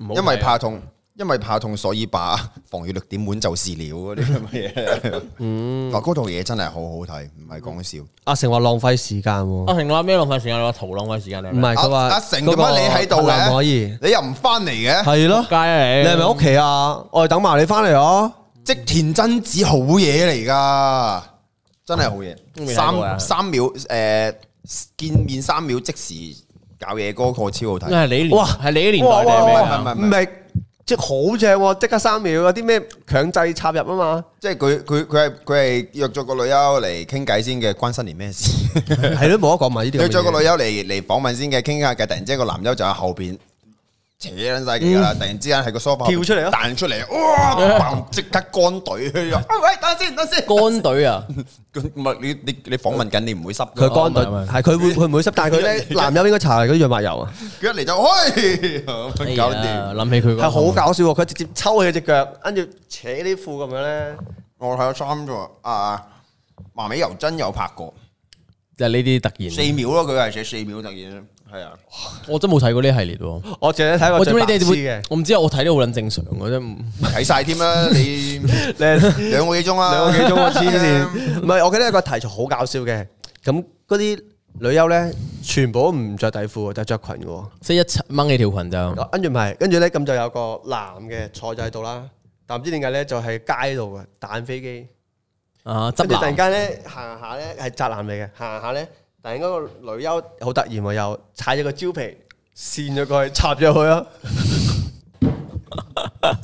嗯、因為怕痛，因為怕痛，所以把防禦力點滿就是了嗰啲咁嘅嘢。 [laughs] 嗯，嗰套嘢真係好好睇，唔係講笑。阿成話浪費時間、啊，阿成話咩浪費時間？你話逃浪費時間？唔係阿成，乜你喺度咧？唔可以，你又唔翻嚟嘅？係咯，你係咪屋企啊？我哋等埋你翻嚟哦。 [music] [music] 即田真子好嘢嚟噶，真係好嘢。嗯、三三秒，誒、呃，見面三秒即時搞嘢歌，個超好睇。係你哇，係你嘅年代唔係即好正，即刻三秒嗰啲咩強制插入啊嘛？即係佢佢佢係佢係約咗個女優嚟傾偈先嘅，關新年咩事？係咯， [laughs] 冇得講埋呢啲。約咗個女優嚟嚟訪問先嘅，傾下偈，突然之間個男優就喺後邊。扯甩晒嘅啦！突然之間喺個梳化彈出嚟，哇！即刻乾隊，喂、哎，等先，等先。乾隊啊！唔係你你你訪問緊，你唔會濕。佢乾隊係佢會佢唔會濕，但係佢咧，男友應該搽嗰啲潤髮油啊！佢一嚟就開，好、哎、搞掂！諗、哎、起佢係好搞笑，佢直接抽起隻腳，跟住扯呢褲咁樣咧。我睇咗三度！啊！麻美由真有拍過，就呢啲突然。四秒咯，佢係寫四秒突然。係啊，我真冇睇過呢系列，我淨係睇過最耐啲嘅。我唔知啊，我睇都好捻正常嘅啫，睇晒添啦，你兩兩個幾鐘啊，兩個幾鐘黐線。唔係、 [laughs] 嗯，我記得一個題材好搞笑嘅，咁嗰啲女優咧，全部唔着底褲，就着裙嘅，即係一掹起條裙就。跟住唔係，跟住咧咁就有個男嘅坐咗喺度啦，但唔知點解咧就喺、是、街度嘅彈飛機。啊，跟住突然間咧行下咧係宅男嚟嘅，行下咧。但係嗰個女優好突然又踩咗個蕉皮，跣咗過去插咗去啊！ [laughs]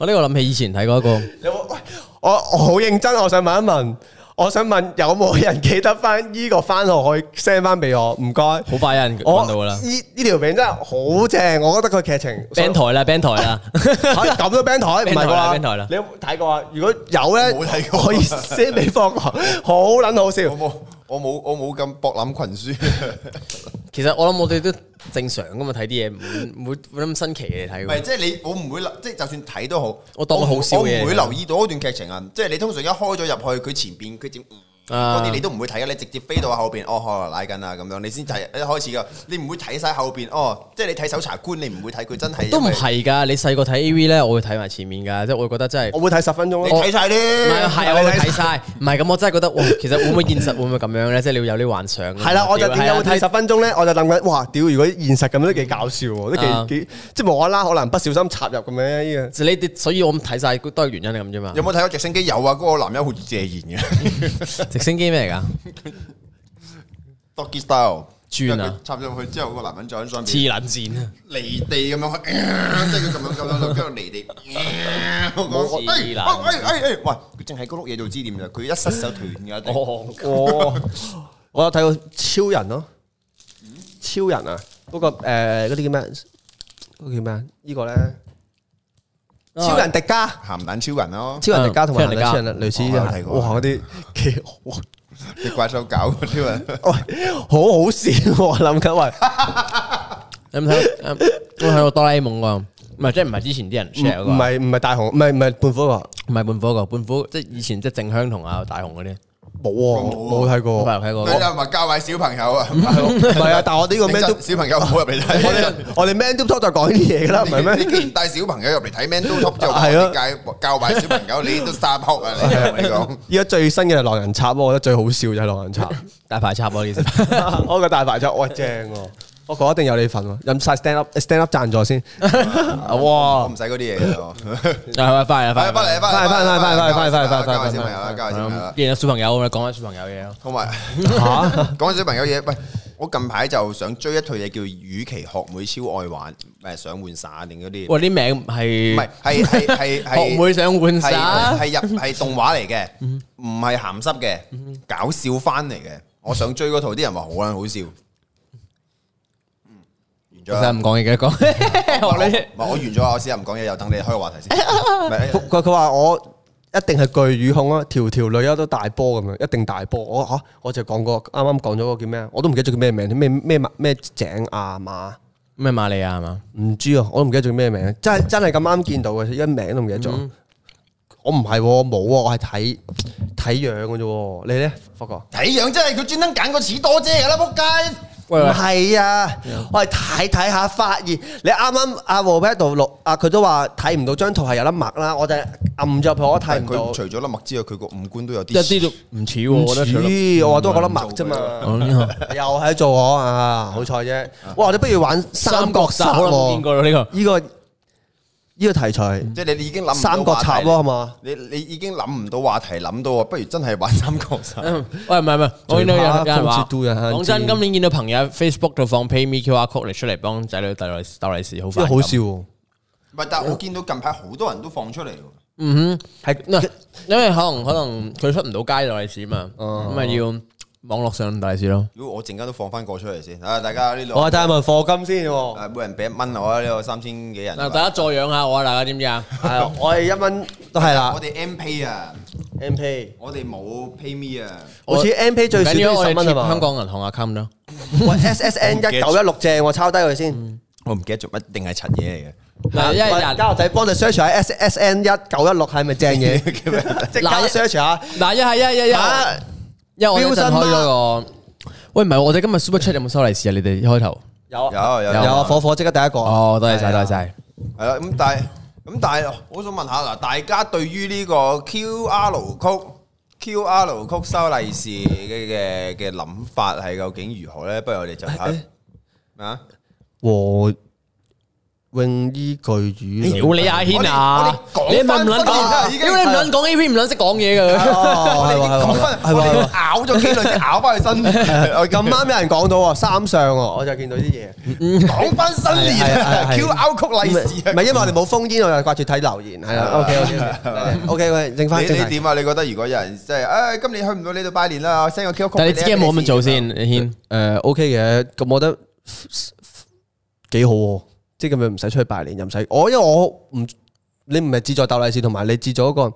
我呢個諗起以前睇過一個。你有有欸、我我好認真，我想問一問，我想問有冇人記得翻呢個番號可以 send 翻俾我？唔該。好快有人講到啦！呢呢條片真係好正，我覺得個劇情。Band 台啦，Band 台啦，吓咁 Band 台唔係啩？你有睇過啊？ [laughs] 如果有咧，可以 send 俾方哥，好撚 [laughs] [laughs] [laughs] 好笑。我冇我冇咁博覽群書， [laughs] 其實我諗我哋都正常噶嘛，睇啲嘢唔會唔會咁新奇嚟睇。唔係即係你，我唔會留，即係就算睇都好，我當好少嘅。我唔會留意到嗰段劇情啊！ [laughs] 即係你通常一開咗入去，佢前邊佢點。嗰啲你都唔會睇啊，你直接飛到後邊，哦嗬拉緊啊咁樣，你先睇一開始噶，你唔會睇晒後邊，哦，即係你睇搜查官，你唔會睇佢真係都唔係噶，你細個睇 AV 咧，我會睇埋前面噶，即係我會覺得真係我會睇十分鐘你睇晒啲，係我會睇晒，唔係咁，我真係覺得，其實會唔會現實會唔會咁樣咧？即係你要有啲幻想。係啦，我就點解會睇十分鐘咧？我就諗緊，哇，屌！如果現實咁樣都幾搞笑，都幾幾，即係無啦啦，可能不小心插入咁樣依個。就你所以我睇晒都係原因咁啫嘛。有冇睇過直升機？有啊，嗰個男人好似謝賢嘅。 [laughs] 直升機咩嚟噶？多機斗轉啊！插上去之後，個男人坐喺上邊。黐捻線啊！離地咁樣，即係佢咁樣咁樣咁樣離地。我知啦，哎哎哎，喂！淨係高碌嘢做支點，佢一失手斷噶、啊。哦、 [laughs] 我有睇過超人咯，超人啊，嗰、嗰個誒嗰啲叫咩？嗰、嗰個、叫咩啊？呢個、呢個咧。超人迪迦、鹹蛋超人咯，超人迪迦同埋迪迦，類似嘅睇過。哇！嗰啲幾哇，啲怪獸狗嗰啲啊，喂，好好笑。我諗緊喂，睇唔睇？我睇過哆啦 A 夢喎，唔係即係唔係之前啲人 share？唔係唔係大雄，唔係唔係胖虎個，唔係胖虎個，胖虎即係以前即係靜香同阿大雄嗰啲。冇啊，冇睇過，冇人睇過。佢又唔係教壞小朋友啊，唔係啊，但係我呢個 man 都小朋友冇入嚟睇，我哋 man do talk 就講呢啲嘢噶啦，唔係咩？你既然帶小朋友入嚟睇 man do talk，就話點解教壞小朋友？你都沙撲啊！你同講，依家最新嘅《狼人插》，我覺得最好笑就係《狼人插》大排插啊！我個大排插我正。我覺得一定有你份喎，飲曬 stand up stand up 贊助先。哇！我唔使嗰啲嘢嘅。快啊快啊快啊，快啊快啊快啊快啊快啊快啊快啊快啊快，小朋友啦，小朋友，講緊小朋友嘢囉，同埋講緊小朋友嘢。喂，我近排就想追一套嘢，叫《與其學妹超愛玩》，想換散定啲。喂，啲名係、係、係、係學妹想換散？係，係動畫嚟嘅，唔係鹹濕嘅，搞笑返嚟嘅。我想追套，啲人話好撚好笑。我先唔講嘢嘅，講我完咗啊！我先唔講嘢，又等你開個話題先。佢佢話我一定係巨乳控啊，條條女都大波咁樣，一定大波。我吓，我就講過啱啱講咗個叫咩啊？我都唔記得咗叫咩名？咩咩咩井亞馬咩馬利亞係嘛？唔知啊，我都唔記得咗叫咩名？真真係咁啱見到嘅，一名都唔記得咗。我唔係，冇啊！我係睇睇樣嘅啫。你咧，福哥睇樣真係佢專登揀個似多啫噶啦，仆街！係喂喂 啊，我係睇睇下發現，你啱啱阿和喺度錄，阿佢都話睇唔到張圖係有粒墨啦，我就撳咗。佢我睇唔到。除咗粒墨之外，佢個五官都有啲，一啲都唔似，啊，唔似，啊，我話都係粒墨啫嘛，又係做我啊、嗯、啊，好彩啫。哇，你不如玩三角手。咯，呢個呢個。這個呢個題材即係你哋已經諗唔到話題咯，係嘛？你你已經諗唔到話題，諗到不如真係玩《三角殺》。喂，唔係唔係，我見到有間講真，今年見到朋友喺 Facebook 度放 Pay Me QR code 嚟出嚟幫仔女帶嚟帶利是，好煩。好笑喎。唔係，但係我見到近排好多人都放出嚟喎。嗯哼，係因為可能可能佢出唔到街帶利是啊嘛，咁咪要。網絡上咁大事咯，如果我陣間都放翻過出嚟先，啊大家呢兩我睇下問課金先，啊每人俾一蚊我呢度三千幾人，嗱，大家助養下我啊，知唔知啊？係啊，我哋一蚊都係啦。我哋 M Pay 啊，M Pay，我哋冇 Pay Me 啊，好似 M Pay 最少都要十蚊嘛。香港銀行 account 咯，S S N 一九一六正，我抄低佢先。我唔記得做乜，一定係陳嘢嚟嘅。嗱，一家人家仔幫你 search 下 S S N 一九一六係咪正嘢？即係 search 下，嗱，一係一一一。又開咗個，喂唔係，我哋今日 Super Chat 有冇收利是啊？你哋一開頭有有有有啊！火火即刻第一個，哦，多謝晒，多謝。咁但係咁但係，我想問下嗱，大家對於呢個 Q R 曲 Q R 曲收利是嘅嘅諗法係究竟如何咧？不如我哋就睇啊。泳衣巨乳，屌你阿軒啊！屌你唔捻講 A P 唔捻識講嘢噶，係咪？係咬咗幾輪，咬翻佢身。咁啱俾人講到，三上哦，我就見到啲嘢。講翻新年，Q 凹曲利是，唔係因為我哋冇封煙，我就掛住睇留言，係啦。O K，O K，去剩翻你啲點啊？你覺得如果有人即係，唉，今年去唔到呢度拜年啦，send 個 Q 曲利你自己冇咁做先，阿軒。誒，O K 嘅，咁我覺得幾好。即咁樣唔使出去拜年又唔使，我因為我唔，你唔係志在鬥利是，同埋你志在一個誒、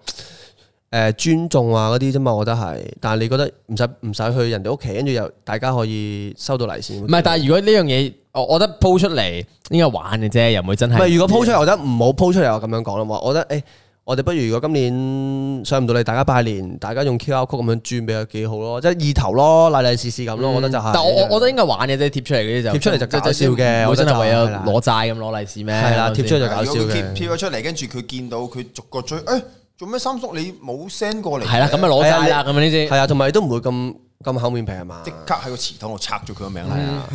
呃、尊重啊嗰啲啫嘛，我覺得係。但係你覺得唔使唔使去人哋屋企，跟住又大家可以收到利是。唔係，但係如果呢樣嘢，我覺得鋪出嚟應該玩嘅啫，又唔會真係。唔係，如果鋪出嚟，我覺得唔好鋪出嚟。我咁樣講啦，我覺得誒。欸我哋不如如果今年上唔到嚟，大家拜年，大家用 QR 曲咁樣轉俾佢，幾好咯，即係意頭咯，利利是視視、嗯，就是咁咯，我覺得就係。但我 [laughs] 我覺得應該玩嘅啫，貼了出嚟嘅啲就，貼出嚟就搞笑嘅，我真係為咗攞債咁攞利是咩？係啦，貼出嚟就搞笑。貼貼咗出嚟，跟住佢見到佢逐個追，誒，做咩三叔你冇 send 過嚟？係啦，咁咪攞債啦，咁呢啲先。係啊，同埋都唔會咁。嗯咁厚面皮係嘛？即刻喺個池塘度拆咗佢個名啦！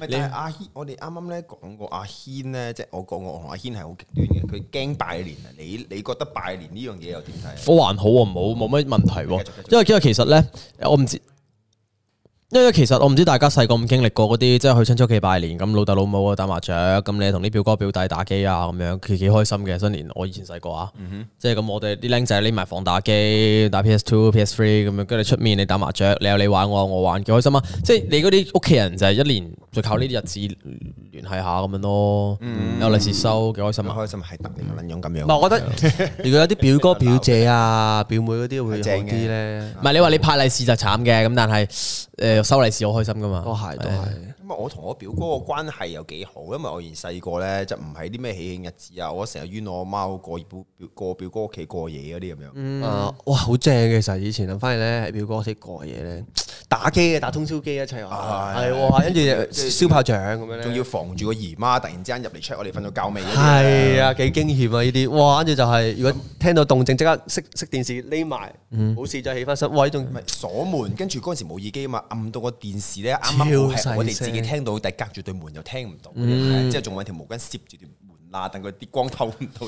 咪你係阿軒，我哋啱啱咧講過阿軒咧，即係我講我同阿軒係好極端嘅，佢驚拜年啊！你你覺得拜年呢樣嘢又點睇？我還好喎，冇冇乜問題喎，因為因為其實咧，我唔知。因為其實我唔知大家細個咁經歷過嗰啲，即係去親戚屋企拜年，咁老豆老母打麻雀，咁你同啲表哥表弟打機啊，咁樣佢幾開心嘅新年。我以前細個啊，嗯、哼即係咁我哋啲僆仔匿埋房打機，打 PS two、PS three 咁樣，跟住出面你打麻雀，你有你玩我，我，我玩幾開心啊！即係你嗰啲屋企人就係一年就靠呢啲日子。睇下咁樣咯，嗯、有利是收幾開心啊！開心係特定嘅樣咁樣。唔係，我覺得如果有啲表哥 [laughs] 表姐啊、 [laughs] 表妹嗰啲會好啲咧。唔係你話你派利是就慘嘅，咁但係誒收利是好開心噶嘛。都係都係。哎因為我同我表哥嘅關係又幾好，因為我以前細個咧，就唔係啲咩喜慶日子啊，我成日冤我阿媽過,過表哥屋企過夜嗰啲咁樣。啊、嗯，嗯、哇，好正嘅！其實以前諗翻起咧，喺表哥屋企過夜咧，打機嘅，打通宵機一齊玩，跟住、哎哦、燒炮仗咁樣仲要防住個姨媽突然之間入嚟 check 我哋瞓到覺未。係、嗯、啊，幾驚險啊！呢啲，哇，跟住就係、是、如果聽到動靜即刻熄熄電視，匿埋，好似、嗯、冇事就起翻室。喂，仲咪、嗯、鎖門，跟住嗰陣時冇耳機啊嘛，暗到個電視咧，啱啱係你聽到，但係隔住對門又聽唔到，係之後仲揾條毛巾攝住對。嗱，等佢啲光透唔到。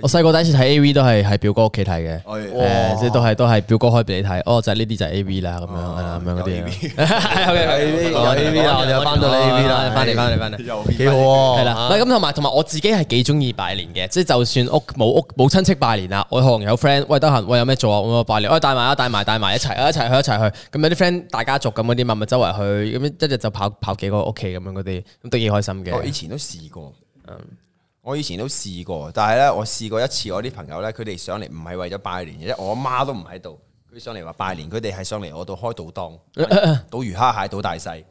我細個第一次睇 A V 都係喺表哥屋企睇嘅，即係都係都係表哥開俾你睇，哦，就係呢啲就係 A V 啦，咁樣咁樣嗰啲。係，係 A V 啦，A 又翻到嚟 A V 啦，翻嚟翻嚟翻嚟，幾好啊，係啦。咁，同埋同埋我自己係幾中意拜年嘅，即係就算屋冇屋冇親戚拜年啦，我可能有 friend，喂得閒，喂有咩做啊，我拜年，我帶埋啊帶埋帶埋一齊啊一齊去一齊去，咁有啲 friend 大家族咁嗰啲密密周圍去，咁一日就跑跑幾個屋企咁樣嗰啲，咁都意開心嘅。我以前都試過，我以前都試過，但係咧，我試過一次。我啲朋友咧，佢哋上嚟唔係為咗拜年嘅，我阿媽都唔喺度。佢上嚟話拜年，佢哋係上嚟我度開賭檔，賭、呃呃、魚蝦蟹，賭大細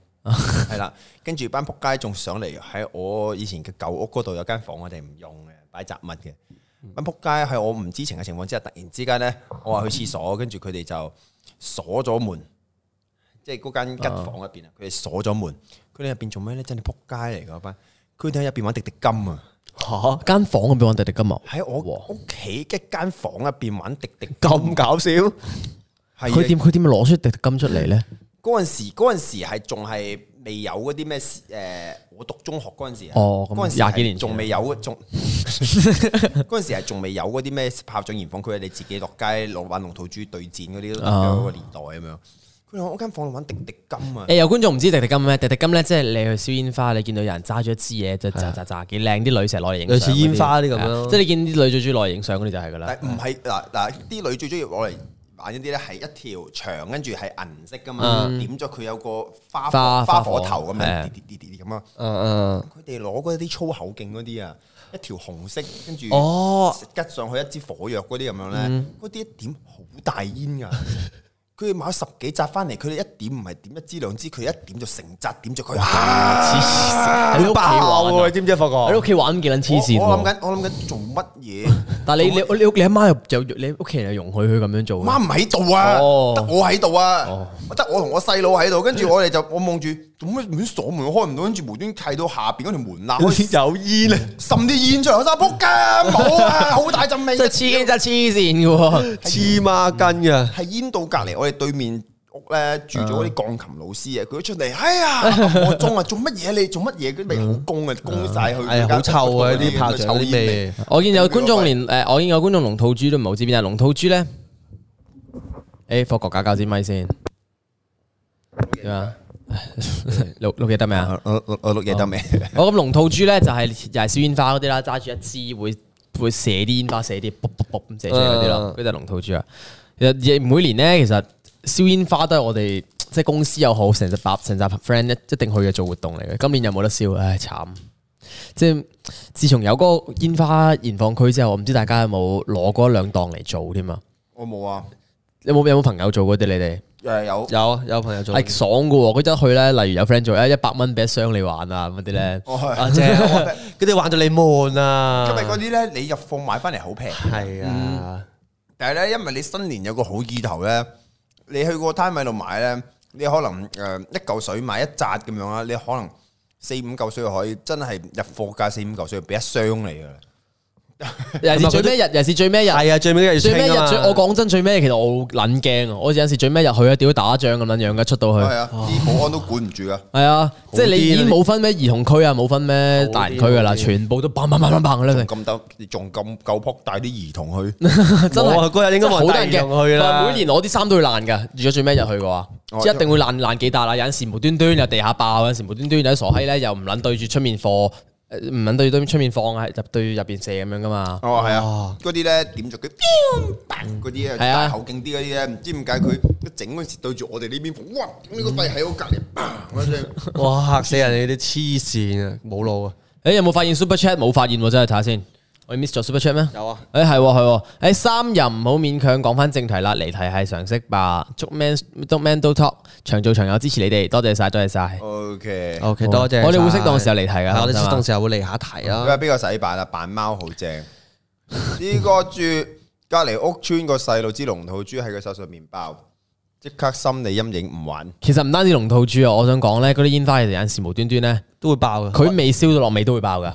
係啦。跟住班仆街仲上嚟喺我以前嘅舊屋嗰度有間房，我哋唔用嘅擺雜物嘅。班仆街喺我唔知情嘅情況之下，突然之間咧，我話去廁所，跟住佢哋就鎖咗門，即係嗰間吉房入邊啊。佢哋鎖咗門，佢哋入邊做咩咧？真係仆街嚟噶班，佢哋喺入邊玩滴滴金啊！吓間、啊、房咁樣玩滴滴金啊！喺我屋企一間房入邊玩滴滴咁搞笑，佢點佢點攞出滴滴金出嚟咧？嗰陣時嗰陣時係仲係未有嗰啲咩？誒、呃，我讀中學嗰陣時哦，嗰陣時廿幾年仲未有，仲嗰陣時係仲未有嗰啲咩炮仗嚴防佢哋自己落街老玩龍吐珠對戰嗰啲嗰個年代咁樣。佢間房度玩滴滴金啊！誒，有觀眾唔知滴滴金咩？滴滴金咧，即係你去燒煙花，你見到有人揸咗一支嘢就炸炸炸，幾靚啲女成日攞嚟影，類似煙花啲咁咯。即係你見啲女最中意攞嚟影相嗰啲就係㗎啦。唔係嗱嗱，啲女最中意攞嚟玩一啲咧，係一條長跟住係銀色噶嘛，點咗佢有個花花火頭咁樣，滴滴滴滴咁啊！嗯，佢哋攞嗰啲粗口徑嗰啲啊，一條紅色跟住哦，拮上去一支火藥嗰啲咁樣咧，嗰啲一點好大煙㗎。佢買咗十幾紮翻嚟，佢哋一點唔係點一支兩支，佢一點就成紮點著佢，痴線喺屋企玩，知唔知啊？火哥喺屋企玩咁幾撚痴線。我諗緊，我諗緊做乜嘢？ [laughs] 但係你你你屋你阿媽入就你屋企人又容許佢咁樣做？媽唔喺度啊，得、哦、我喺度啊，得、哦、我同我細佬喺度，跟住我哋就我望住。做咩唔鎖門開唔到，跟住無端砌到下邊嗰條門罅有煙咧，滲啲煙出嚟，我真係仆街，冇啊，好大陣味！真黐真黐線嘅，黐孖筋嘅。係煙道隔籬，我哋對面屋咧住咗啲鋼琴老師啊，佢出嚟，哎呀，我中啊，做乜嘢，你做乜嘢，佢未好公啊，公晒去，好臭啊啲排場啲味。我見有觀眾連誒，我見有觀眾龍吐珠都唔好知邊啊，龍吐珠咧，誒，放國搞搞支咪先，係錄錄記得未啊？我我我錄嘢得未？我咁龍套豬咧就係又係燒煙花嗰啲啦，揸住一支會會射啲煙花，射啲卜卜卜咁射射嗰啲咯，嗰啲就龍套豬啊！其實每年咧，其實燒煙花都係我哋即係公司又好，成紮白成扎 friend 一定去嘅做活動嚟嘅。今年又冇得燒，唉慘！即係自從有嗰個煙花燃放區之後，我唔知大家有冇攞嗰兩檔嚟做添啊？我冇啊！有冇有冇朋友做嗰啲你哋？誒，有有有朋友做係爽嘅，佢得去咧。例如有 friend 做咧，一百蚊俾一箱你玩啊咁嗰啲咧。哦，即係佢哋玩到你悶啊。因為嗰啲咧，你入貨買翻嚟，好平。係啊，但係咧，因為你新年有個好意頭咧，你去個攤位度買咧，你可能誒一嚿水買一扎咁樣啦，你可能四五嚿水可以真係入貨價四五嚿水俾一箱你噶啦。人是最屘日，又是最屘日，係啊，最屘日最屘啊嘛！我講真，最屘其實我好撚驚啊！我有陣時最屘入去啊，點會打仗咁樣樣嘅？出到去，啲保安都管唔住噶。係啊，即係你已經冇分咩兒童區啊，冇分咩大人區噶啦，全部都砰砰砰砰砰啦！咁得，仲咁夠撲帶啲兒童去？真係嗰日應該好難嘅。每年攞啲衫都會爛噶，如果最屘入去嘅話，一定會爛爛幾大啦！有陣時無端端就地下爆，有陣時無端端就傻閪咧，又唔捻對住出面貨。唔肯對對出面,面放面、哦、啊，入對入邊射咁樣噶嘛。哦，係啊，嗰啲咧點着佢，嗰啲啊啊，口徑啲嗰啲咧，唔知點解佢一整嗰陣時對住我哋呢邊哇，哇！呢、這個飛喺我隔籬， [laughs] 哇！吓死人，你啲黐線啊，冇腦啊！誒，有冇發現 Super Chat 冇發現、啊？真係睇下先。喂 miss 咗 Super Chat 咩？有啊。誒、欸，係係、啊。誒、啊啊，三人唔好勉強講翻正題啦，離題係常識吧。Duckman Duckman Duck 長做長有支持你哋，多謝晒，多謝晒。OK，OK，多謝。謝謝謝謝 okay, okay, 我哋會適當嘅時候嚟提噶，是是我哋適當嘅時候會嚟下一題咯。因為邊個洗版啊？扮貓好正。呢個住隔籬屋村個細路，支龍吐珠喺佢手上面爆，即刻心理陰影唔穩。其實唔單止龍吐珠啊，我想講咧，嗰啲煙花有陣時無端端咧都會爆噶。佢未燒到落尾都會爆噶。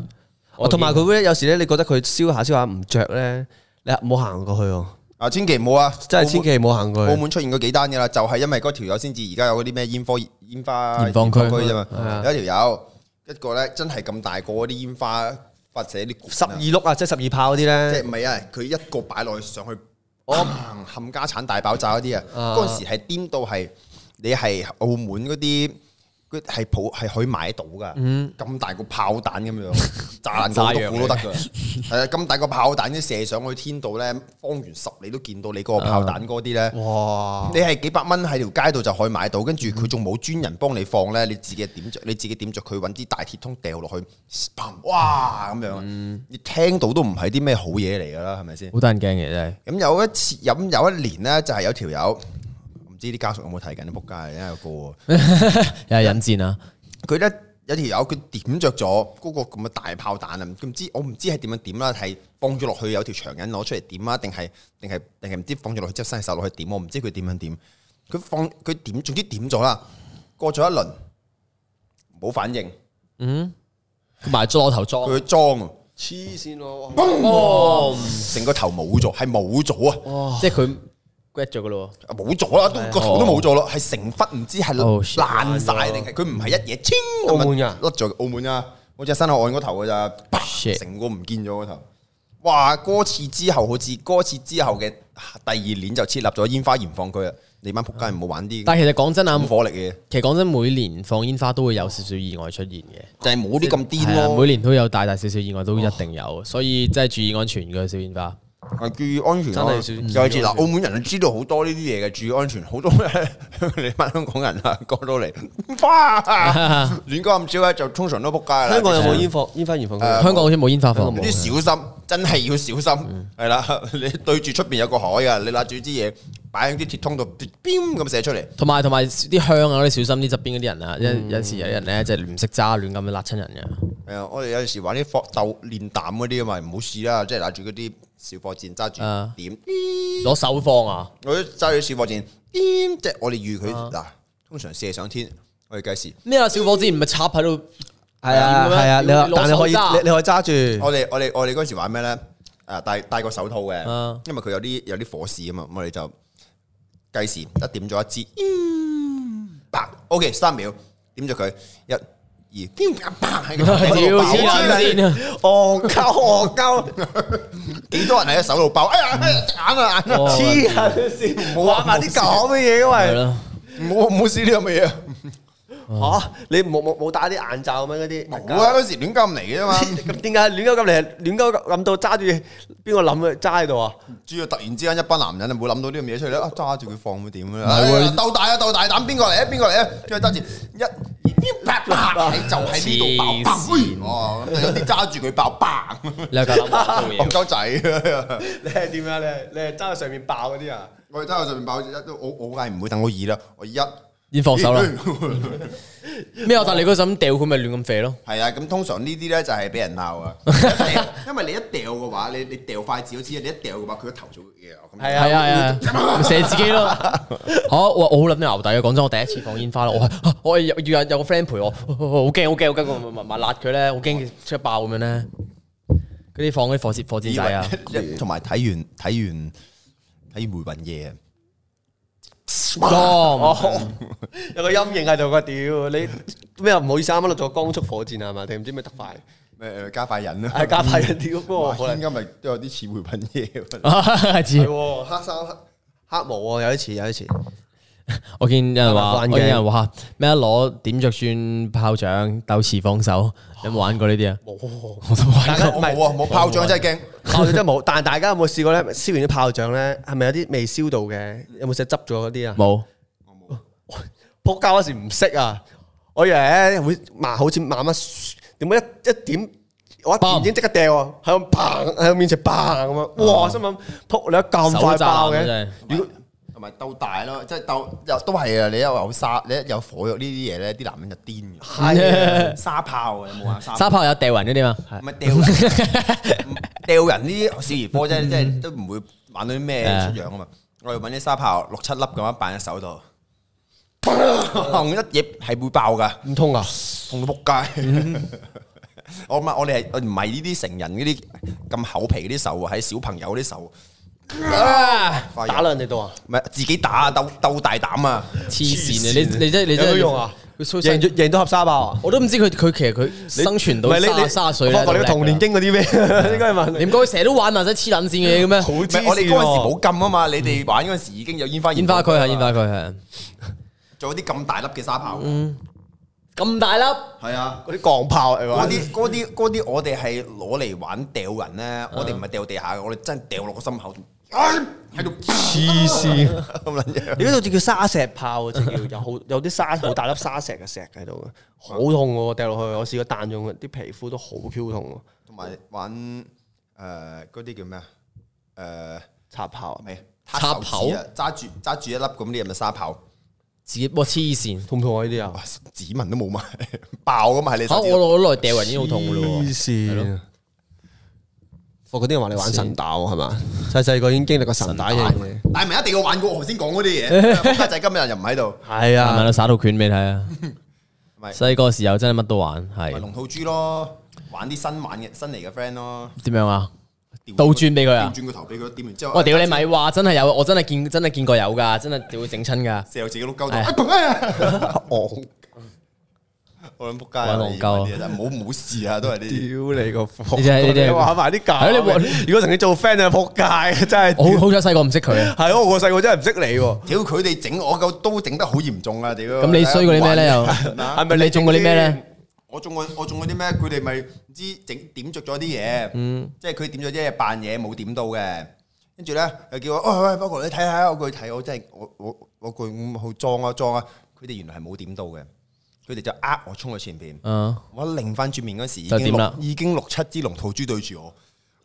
我同埋佢咧，有，有時咧，你覺得佢燒下燒下唔着咧，你冇行過去哦。千祈唔好啊！真係千祈唔好行過去。澳門出現過幾單噶啦，就係、是、因為嗰條友先至而家有嗰啲咩煙火、煙花燃放區啫嘛。啊、有一條友，一個咧真係咁大個嗰啲煙花發射啲十二碌啊，即係十二炮嗰啲咧。即係唔係啊？佢一個擺落去上去，我冚、哦、家產大爆炸嗰啲啊！嗰陣時係顛到係你係澳門嗰啲。佢係抱係可以買到噶，咁、嗯、大個炮彈咁樣炸爛個毒都得噶，係啊！咁大個炮彈，即係射上去天度咧，方圓十里都見到你嗰個炮彈嗰啲咧。哇！你係幾百蚊喺條街度就可以買到，跟住佢仲冇專人幫你放咧，你自己點着，你自己點着，佢搵支大鐵通掉落去，砰！哇咁樣，嗯、你聽到都唔係啲咩好嘢嚟噶啦，係咪先？好得人驚嘅，真係咁有一次飲有，有，有一年咧，就係、是、有條友。呢啲家屬有冇睇緊？你仆街，因為個又係引戰啊！佢咧有條友，佢點着咗嗰個咁嘅大炮彈啊！唔知我唔知係點樣點啦，係放咗落去有條長引攞出嚟點啊？定係定係定係唔知放咗落去即係伸手落去點？我唔知佢點樣點。佢放佢點，總之點咗啦。過咗一輪，冇反應。嗯，佢埋咗頭裝，佢裝啊！黐線咯，成噗個頭冇咗，係冇咗啊！噗即係佢。割咗噶咯，冇咗啦，都個、啊、頭都冇咗咯，係、哦、成忽唔知係爛晒定係佢唔係一嘢清，澳甩咗澳門啊！我只新口岸個頭噶咋，成個唔見咗個頭。哇！嗰次之後，好似嗰次之後嘅第二年就設立咗煙花燃放區啦。你班仆街唔好玩啲。但係其實講真啊，火力嘅，其實講真，每年放煙花都會有少少意外出現嘅，就係冇啲咁癲咯。每年都有大大小小意外都一定有，哦、所以真係注意安全嘅小煙花。係注意安全，真係似嗱，澳門人知道好多呢啲嘢嘅，注意安全。好多你翻香港人啊，過到嚟，哇，亂搞咁多咧，就通常都扑街啦。香港有冇煙火、煙花燃放？香港好似冇煙花火，啲小心，真係要小心。係啦，你對住出邊有個海啊，你拿住支嘢擺喺啲鐵通度，掂咁射出嚟。同埋同埋啲香啊，你小心啲，側邊嗰啲人啊，有有時有人咧，即係唔識揸，亂咁咪焫親人嘅。係啊，我哋有陣時玩啲放斗練膽嗰啲啊嘛，唔好試啦，即係拿住嗰啲。小火箭揸住、啊、點攞手放啊！我揸住小火箭，即係、就是、我哋預佢嗱，啊、通常射上天，我哋計時咩啊？小火箭唔係插喺度，係啊係啊！你但係可以，你你可以揸住。我哋我哋我哋嗰時玩咩咧？誒、啊，戴戴個手套嘅，啊、因為佢有啲有啲火勢啊嘛。我哋就計時一點咗一支，白、嗯、OK 三秒，點咗佢一。1, 1, 點解爆係咁？黐線啊！戇鳩戇鳩，幾多人喺手度爆？哎呀！眼啊！眼啊！黐線，唔好玩埋啲咁嘅嘢，因為唔好唔好試呢樣嘢。吓，你冇冇冇戴啲眼罩咁樣嗰啲？冇啊！嗰時亂鳩咁嚟嘅啫嘛。咁點解亂鳩咁嚟？亂鳩諗到揸住邊個諗去揸喺度啊？主要突然之間一班男人啊，冇諗到啲咁嘢出嚟咯，揸住佢放會點咧？唔係，鬥大啊！鬥大膽，邊個嚟？邊個嚟？再揸住一。爆爆喺就喺呢度爆，有啲揸住佢爆爆。哦、爆爆你又諗、啊、仔， [laughs] 你係點樣啊？你你係揸喺上面爆嗰啲啊？我係揸喺上面爆一，我我係唔會等我二啦，我一已放手啦。咩？但你嗰陣掉佢咪亂咁飛咯？係啊，咁通常呢啲咧就係俾人鬧啊。啊，因為你一掉嘅話，你你掉筷子好知啊，你一掉嘅話，佢都投咗嘢啊，係啊，係啊，射自己咯。好，我好諗啲牛大啊。講真，我第一次放煙花啦，我要有有 friend 陪我，好驚好驚，我跟住咪咪辣佢咧，好驚佢出爆咁樣咧。嗰啲放啲火箭火箭仔啊，同埋睇完睇完睇梅雲夜有個陰影喺度個屌，你咩啊？唔好意思啱啱落咗光速火箭啊嘛，定唔知咩特快，誒、呃、加快人啊，係、嗯、加快人屌、啊，依家咪都有啲似會噴嘢，似、啊、黑衫黑黑毛有啲似，有啲似。我見有人話，我見人話咩？攞點着算炮仗斗持放手，有冇玩過呢啲啊？冇，我都玩過。唔係喎，冇炮仗真係驚，炮仗真係冇。但係大家有冇試過咧？燒完啲炮仗咧，係咪有啲未燒到嘅？有冇試執咗嗰啲啊？冇，我冇。撲膠嗰時唔識啊！我以為咧，會慢好似慢慢點解一一點，我點煙即刻掉，喺度砰喺度面前砰咁樣。哇！心諗撲你咁快爆嘅。咪鬥大咯，即係鬥又都係啊！你一有沙，你一有火藥呢啲嘢咧，啲男人就癲嘅。係沙炮啊，有冇玩沙炮？沙炮有掉人嗰啲啊？唔係掉人，掉人呢啲小兒科啫，即係都唔會玩到啲咩出樣啊嘛！我哋玩啲沙炮六七粒咁樣，扮喺手度，一嘢係會爆噶，唔通啊？同仆街！我唔係，我哋係唔係呢啲成人嗰啲咁厚皮嗰啲手，喺小朋友嗰啲手。打落人哋度啊！唔係自己打啊，鬥鬥大膽啊！黐線啊，你你真你真有用啊！贏贏到盒沙炮啊！我都唔知佢佢其實佢生存到沙卅歲你童年經嗰啲咩？應該係嘛？點解佢成日都玩嗱啲黐捻線嘅嘢嘅咩？好黐我哋嗰陣時冇禁啊嘛！你哋玩嗰陣時已經有煙花煙花區係煙花區係，仲有啲咁大粒嘅沙炮，咁大粒係啊！嗰啲鋼炮，嗰啲嗰啲嗰啲我哋係攞嚟玩掉人咧，我哋唔係掉地下，我哋真係掉落個心口。喺度黐線咁你嗰度叫沙石炮，即係叫有好有啲沙好大粒沙石嘅石喺度，好痛喎！掉落去，我試過彈中啲皮膚都好 Q 痛。同埋玩誒嗰啲叫咩啊？誒插炮未？插炮揸住揸住一粒咁啲，係咪沙炮？自己黐線，哦，痛唔痛呢啲啊？指紋都冇埋， [laughs] 爆咁嘛，你吓我，我攞落嚟掉完已經好痛咯。啊我嗰啲人話你玩神打喎，係嘛？細細個已經經歷過神打嘅嘢。但係唔一定要玩過，我頭先講嗰啲嘢。阿仔今日又唔喺度，係啊，玩到耍到拳你睇啊。唔係細個時候真係乜都玩，係龍套豬咯，玩啲新玩嘅新嚟嘅 friend 咯。點樣啊？倒轉俾佢啊！轉個頭俾佢，點完之後，我屌你咪話，真係有，我真係見真係見過有噶，真係點會整親噶？射自己碌我諗撲街玩憨鳩，其實冇冇事啊，都係啲。屌你個仆街，你玩埋啲架。係你如果曾經做 friend 就撲街，真係好好彩細個唔識佢。係咯，我細個真係唔識你。屌佢哋整我夠都整得好嚴重啊！屌。咁你衰過啲咩咧？又係咪你中過啲咩咧？我中過我中過啲咩？佢哋咪唔知整點着咗啲嘢，嗯，即係佢點咗啲扮嘢冇點到嘅，跟住咧又叫我，喂喂，包括你睇下我句睇，我真係我我我句好裝啊裝啊，佢哋原來係冇點到嘅。佢哋就呃我衝去前面，嗯、我擰返轉面時已經六，已經六七支龍吐珠對住我。撲撲撲撲撲撲撲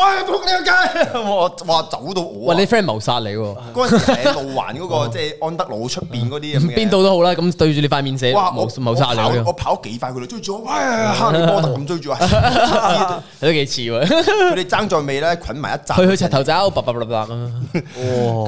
啊！撲你個街，哇哇走到我啊！喂，你 friend 謀殺你喎？嗰陣 [laughs] 時喺路環嗰、那個、哦、即係安德魯出邊嗰啲咁嘅，邊度都好啦。咁對住你塊面寫，哇！謀謀殺你嘅，我跑，我跑幾快佢，追住我，哎、哈利波特咁追住啊！都幾似喎，佢哋 [laughs] 爭在未咧，捆埋一紮，去去石頭走，叭叭叭叭咁。哇！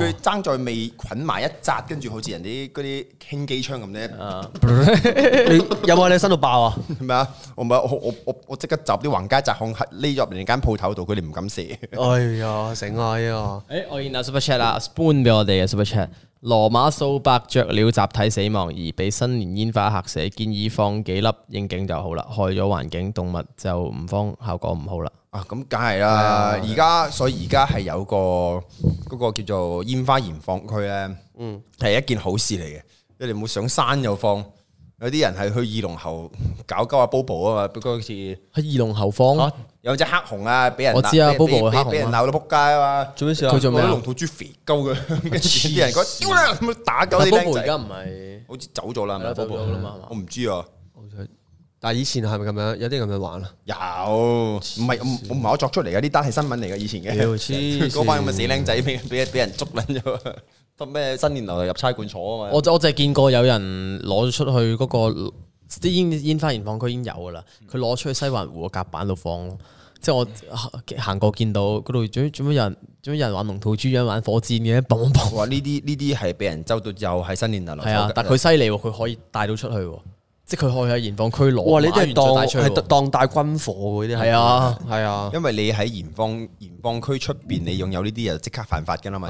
佢爭在未捆埋一紮，跟住好似人啲嗰啲輕機槍咁咧。啊、 [laughs] [laughs] 你有冇喺你身度爆啊？係咪 [laughs] 啊？我唔係我我我即刻執啲橫街窄巷匿入。突然間鋪頭度，佢哋唔敢射。哎呀，醒開呀！誒，我然後 super chat 啦，spoon 俾我哋啊！super chat，羅馬數百雀鳥集體死亡，而被新年煙花嚇死。建議放幾粒應景就好啦，害咗環境動物就唔放，效果唔好啦。啊，咁梗係啦。而家所以而家係有個嗰個叫做煙花燃放區咧，嗯，係一件好事嚟嘅。你哋冇上山又放，有啲人係去二龍喉搞鳩阿 bobo 啊嘛。不過好似喺二龍喉放。有隻黑熊啊，俾人我知打跌跌，俾人鬧到仆街啊！做咩事啊？佢做咩啊？嗰啲龍土豬肥鳩嘅，啲人講：丟啦，咁打狗啲僆仔。而家唔係，好似走咗啦，唔係走咗嘛？我唔知啊。但係以前係咪咁樣？有啲咁樣玩啊？有，唔係唔係我作出嚟嘅，呢單係新聞嚟嘅。以前嘅，好似。嗰班咁嘅死僆仔，俾俾俾人捉撚咗，乜咩新年流流入差館坐啊嘛？我我淨係見過有人攞咗出去嗰個。啲煙花燃放區已經有噶啦，佢攞出去西環湖個甲板度放咯。即係我行行過見到嗰度，最最尾有人，最尾有人玩龍吐珠，樣玩火箭嘅，砰砰砰！哇！呢啲呢啲係俾人捉到，又係新年嗱嗱、啊、下但佢犀利喎，佢可以帶到出去喎。即佢可以喺燃放區攞。哇！你即係當係當大軍火嗰啲係啊係啊。啊因為你喺燃放燃放區出邊，你擁有呢啲就即刻犯法噶啦嘛。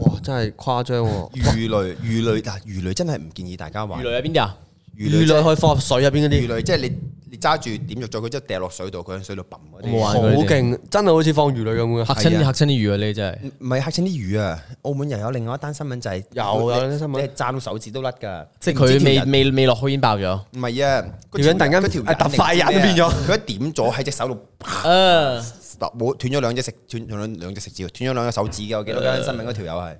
哇！真係誇張喎！魚雷、魚雷嗱、魚雷真係唔建議大家玩。魚雷喺邊啲啊？魚雷可以放水入邊嗰啲。魚雷即係你你揸住點著，咗，佢即係掉落水度，佢喺水度冚嗰啲。哇！好勁，真係好似放魚雷咁嘅。嚇親啲嚇親啲魚啊！你真係唔係嚇親啲魚啊！澳門又有另外一單新聞就係有有啲新聞，炸到手指都甩㗎，即係佢未未未落海煙爆咗。唔係啊，條煙突然間，條突塊癮變咗，佢一點咗喺隻手度。我斷咗兩隻食斷，兩兩隻食指，斷咗兩,兩隻手指嘅。Yeah. 我記得新聞嗰條友係，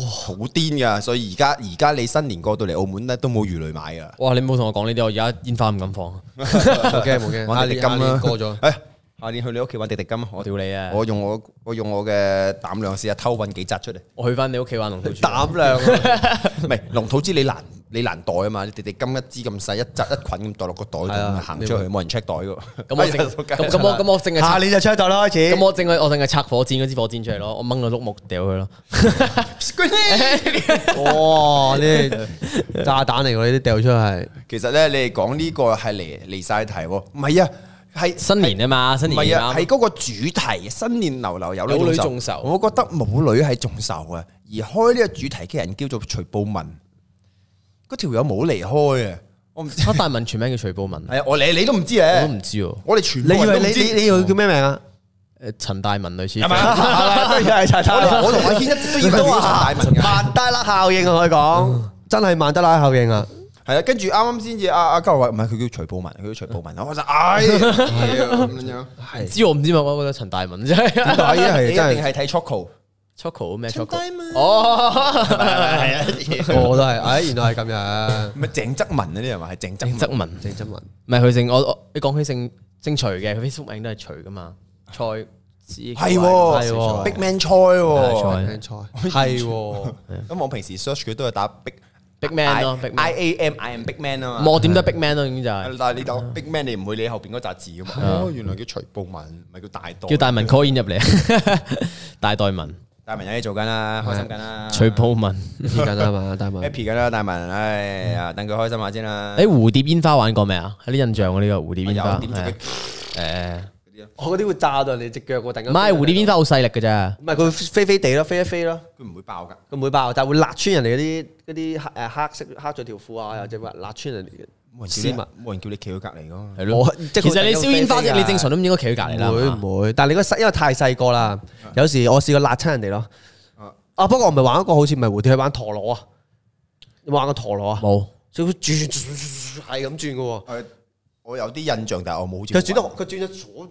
哇，好癲噶！所以而家而家你新年過到嚟澳門咧，都冇魚雷買噶。哇！你唔好同我講呢啲，我而家煙花唔敢放。冇驚我睇你今年過咗。 [laughs] 下年去你屋企玩迪迪金，我屌你啊！我用我我用我嘅膽量試下偷運幾扎出嚟。我去翻你屋企玩龍吐珠。膽量，唔係龍吐珠你難你難袋啊嘛！你迪迪金一支咁細，一扎一捆咁袋落個袋度，行出去冇人 check 袋噶。咁我咁我咁我淨係下年就 check 袋開始。咁我淨係我淨係拆火箭嗰支火箭出嚟咯，我掹個碌木掉佢咯。哇！呢炸彈嚟，我呢啲掉出去。其實咧，你哋講呢個係離離晒題喎，唔係啊。係新年啊嘛，新年啊係嗰個主題。新年流流有女仲愁，我覺得冇女係仲愁啊。而開呢個主題嘅人叫做徐步文，嗰條友冇離開啊。我唔知。陳大文全名叫徐步文，係啊，我你你都唔知啊，我唔知。我哋全部都唔知你你，你叫咩名啊？誒、呃，陳大文類似。係咪？ [laughs] [laughs] 我同阿軒一飛大文。曼德拉效應啊，可以講， [laughs] 真係曼德拉效應啊。係啦，跟住啱啱先至阿阿高偉，唔係佢叫徐步文。佢叫徐步文，我就唉咁樣，係知我唔知我覺得陳大文啫，係真係一定係睇 choco，choco 咩 choco？哦，我都係，唉，原來係咁樣，唔係鄭則文嗰啲人話係鄭則文，鄭則文，唔係佢姓我你講起姓姓徐嘅，佢 facebook 名都係徐噶嘛，蔡思係，係，Big Man 蔡，蔡，蔡，係，咁我平時 search 佢都係打 Big。Big man 咯，I A M I am big man 啊嘛。我點都係 big man 咯，已經就係。但係你講 big man，你唔會理後邊嗰扎字噶嘛。哦，原來叫徐步文，唔係叫大代文。叫大文 call 煙入嚟啊！大代文，大文有嘢做緊啦，開心緊啦。徐步文，依家啦嘛，大文。Happy 噶啦，大文，哎呀，等佢開心下先啦。誒，蝴蝶煙花玩過未啊？喺啲印象喎呢個蝴蝶煙花。有。誒。我嗰啲會炸到你哋隻腳喎，唔係蝴蝶煙花好細力嘅啫，唔係佢會飛飛地咯，飛一飛咯。佢唔會爆噶，佢唔會爆，但係會辣穿人哋嗰啲啲黑色黑咗條褲啊，或者話辣穿人哋。冇人冇人叫你企佢隔籬噶，係其實你燒煙花你正常都唔應該企佢隔籬啦。會唔會？但係你個室因為太細個啦，有時我試過辣親人哋咯。啊，不過我咪玩一個好似唔係蝴蝶，去玩陀螺啊。你玩個陀螺啊？冇，即係轉轉轉轉轉，係咁轉噶喎。我有啲印象，但係我冇。佢轉咗，佢轉咗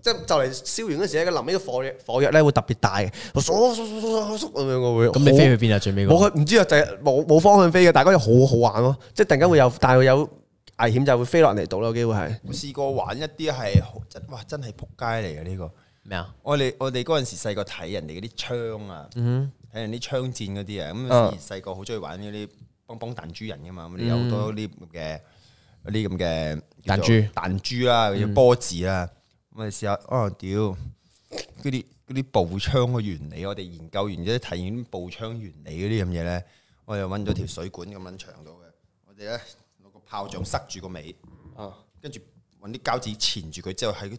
即係就嚟燒完嗰時咧，佢臨尾個火藥火藥咧會特別大嘅，咁、嗯、你飛去邊啊？最尾個。我唔知啊，就係冇冇方向飛嘅，但係嗰啲好好玩咯，即係突然間會有，但係有危險就會飛落嚟到啦，有機會係。我試過玩一啲係，真哇真係仆街嚟嘅呢個。咩啊麼？我哋我哋嗰陣時細個睇人哋嗰啲槍啊，睇、嗯、哼人啲槍戰嗰啲啊，咁細個好中意玩呢啲邦邦彈珠人噶嘛，咁有好多啲嘅。嗯嗰啲咁嘅彈珠、啊、彈珠啦，嗰啲波子啦、啊，咁你、嗯、試下哦，屌嗰啲嗰啲步槍嘅原理，我哋研究完之後，體驗步槍原理嗰啲咁嘢咧，我又揾咗條水管咁樣長到嘅，我哋咧攞個炮仗塞住個尾，啊，跟住揾啲膠紙纏住佢之後喺。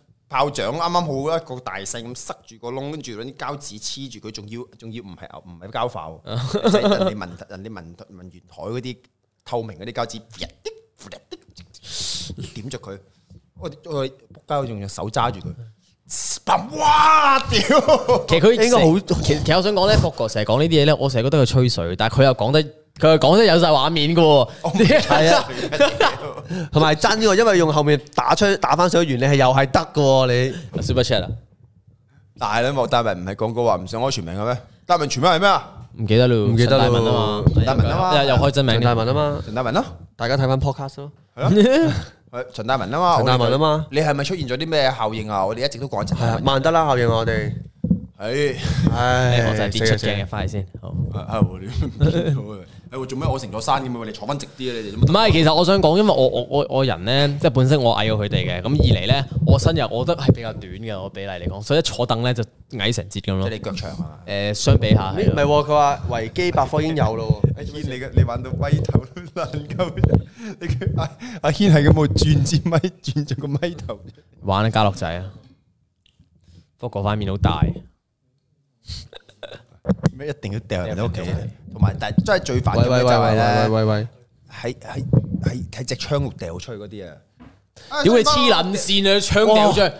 炮仗啱啱好一個大細咁塞住個窿，跟住攞啲膠紙黐住佢，仲要仲要唔係唔係膠浮，即係人哋文人哋文文娛台嗰啲透明嗰啲膠紙，點著佢，我我家我仲用手揸住佢，哇屌！其實佢應該好，其實其實我想講咧，博哥成日講呢啲嘢咧，我成日覺得佢吹水，但係佢又講得。佢講得有曬畫面㗎喎，係啊，同埋真嘅，因為用後面打出打翻上嘅原理係又係得㗎喎，你小波 chat 啊，大啦，莫大文唔係講過話唔想開全名嘅咩？大文全名係咩啊？唔記得咯，唔記得咯，大文啊嘛，大文啊嘛，又開真名，大文啊嘛，陳大文咯，大家睇翻 podcast 咯，係啊，係陳大文啊嘛，陳大文啊嘛，你係咪出現咗啲咩效應啊？我哋一直都講，係啊，萬德拉效應，我哋，唉唉，我再跌出鏡嘅快先，好。你做咩？我成座山咁，你坐翻直啲啊！你哋唔係，其實我想講，因為我我我人咧，即係本身我矮過佢哋嘅。咁二嚟咧，我身又我覺得係比較短嘅。我比例嚟講，所以一坐凳咧就矮成截咁咯。即你腳長係嘛？誒，相比下係唔係？佢話維基百科已經有咯。阿軒，你嘅你玩到咪頭都難夠。你阿阿軒係咁去轉支咪，轉咗個咪頭。玩啊，家樂仔啊！福哥塊面好大。咩一定要掉人哋屋企？同埋，但係真係最煩嘅就係咧、喂喂喂，喺喺喺喺隻窗度掉出去嗰啲啊！屌你黐撚線啊，丟窗度掉出去哦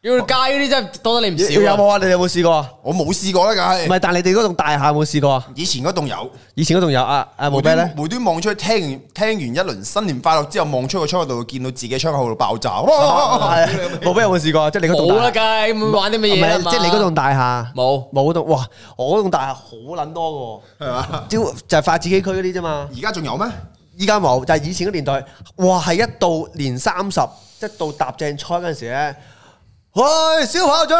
要街嗰啲真係多得你唔少。有冇啊？你有冇試過？我冇試過啦，梗係。唔係，但你哋嗰棟大廈有冇試過啊？以前嗰棟有，以前嗰棟有啊！啊！無邊咧，無端望出去，聽完聽完一輪新年快樂之後，望出個窗口度，見到自己窗口度爆炸。哇！無有冇試過？即係你嗰棟冇啦，梗玩啲咩嘢？即係你嗰棟大廈冇冇棟哇！我嗰棟大廈好撚多噶，係嘛嗎？就就係發展區嗰啲啫嘛。而家仲有咩？依家冇，就係以前嗰年代。哇！係一到年三十，即係到搭正菜嗰陣時咧。喂，燒炮仗，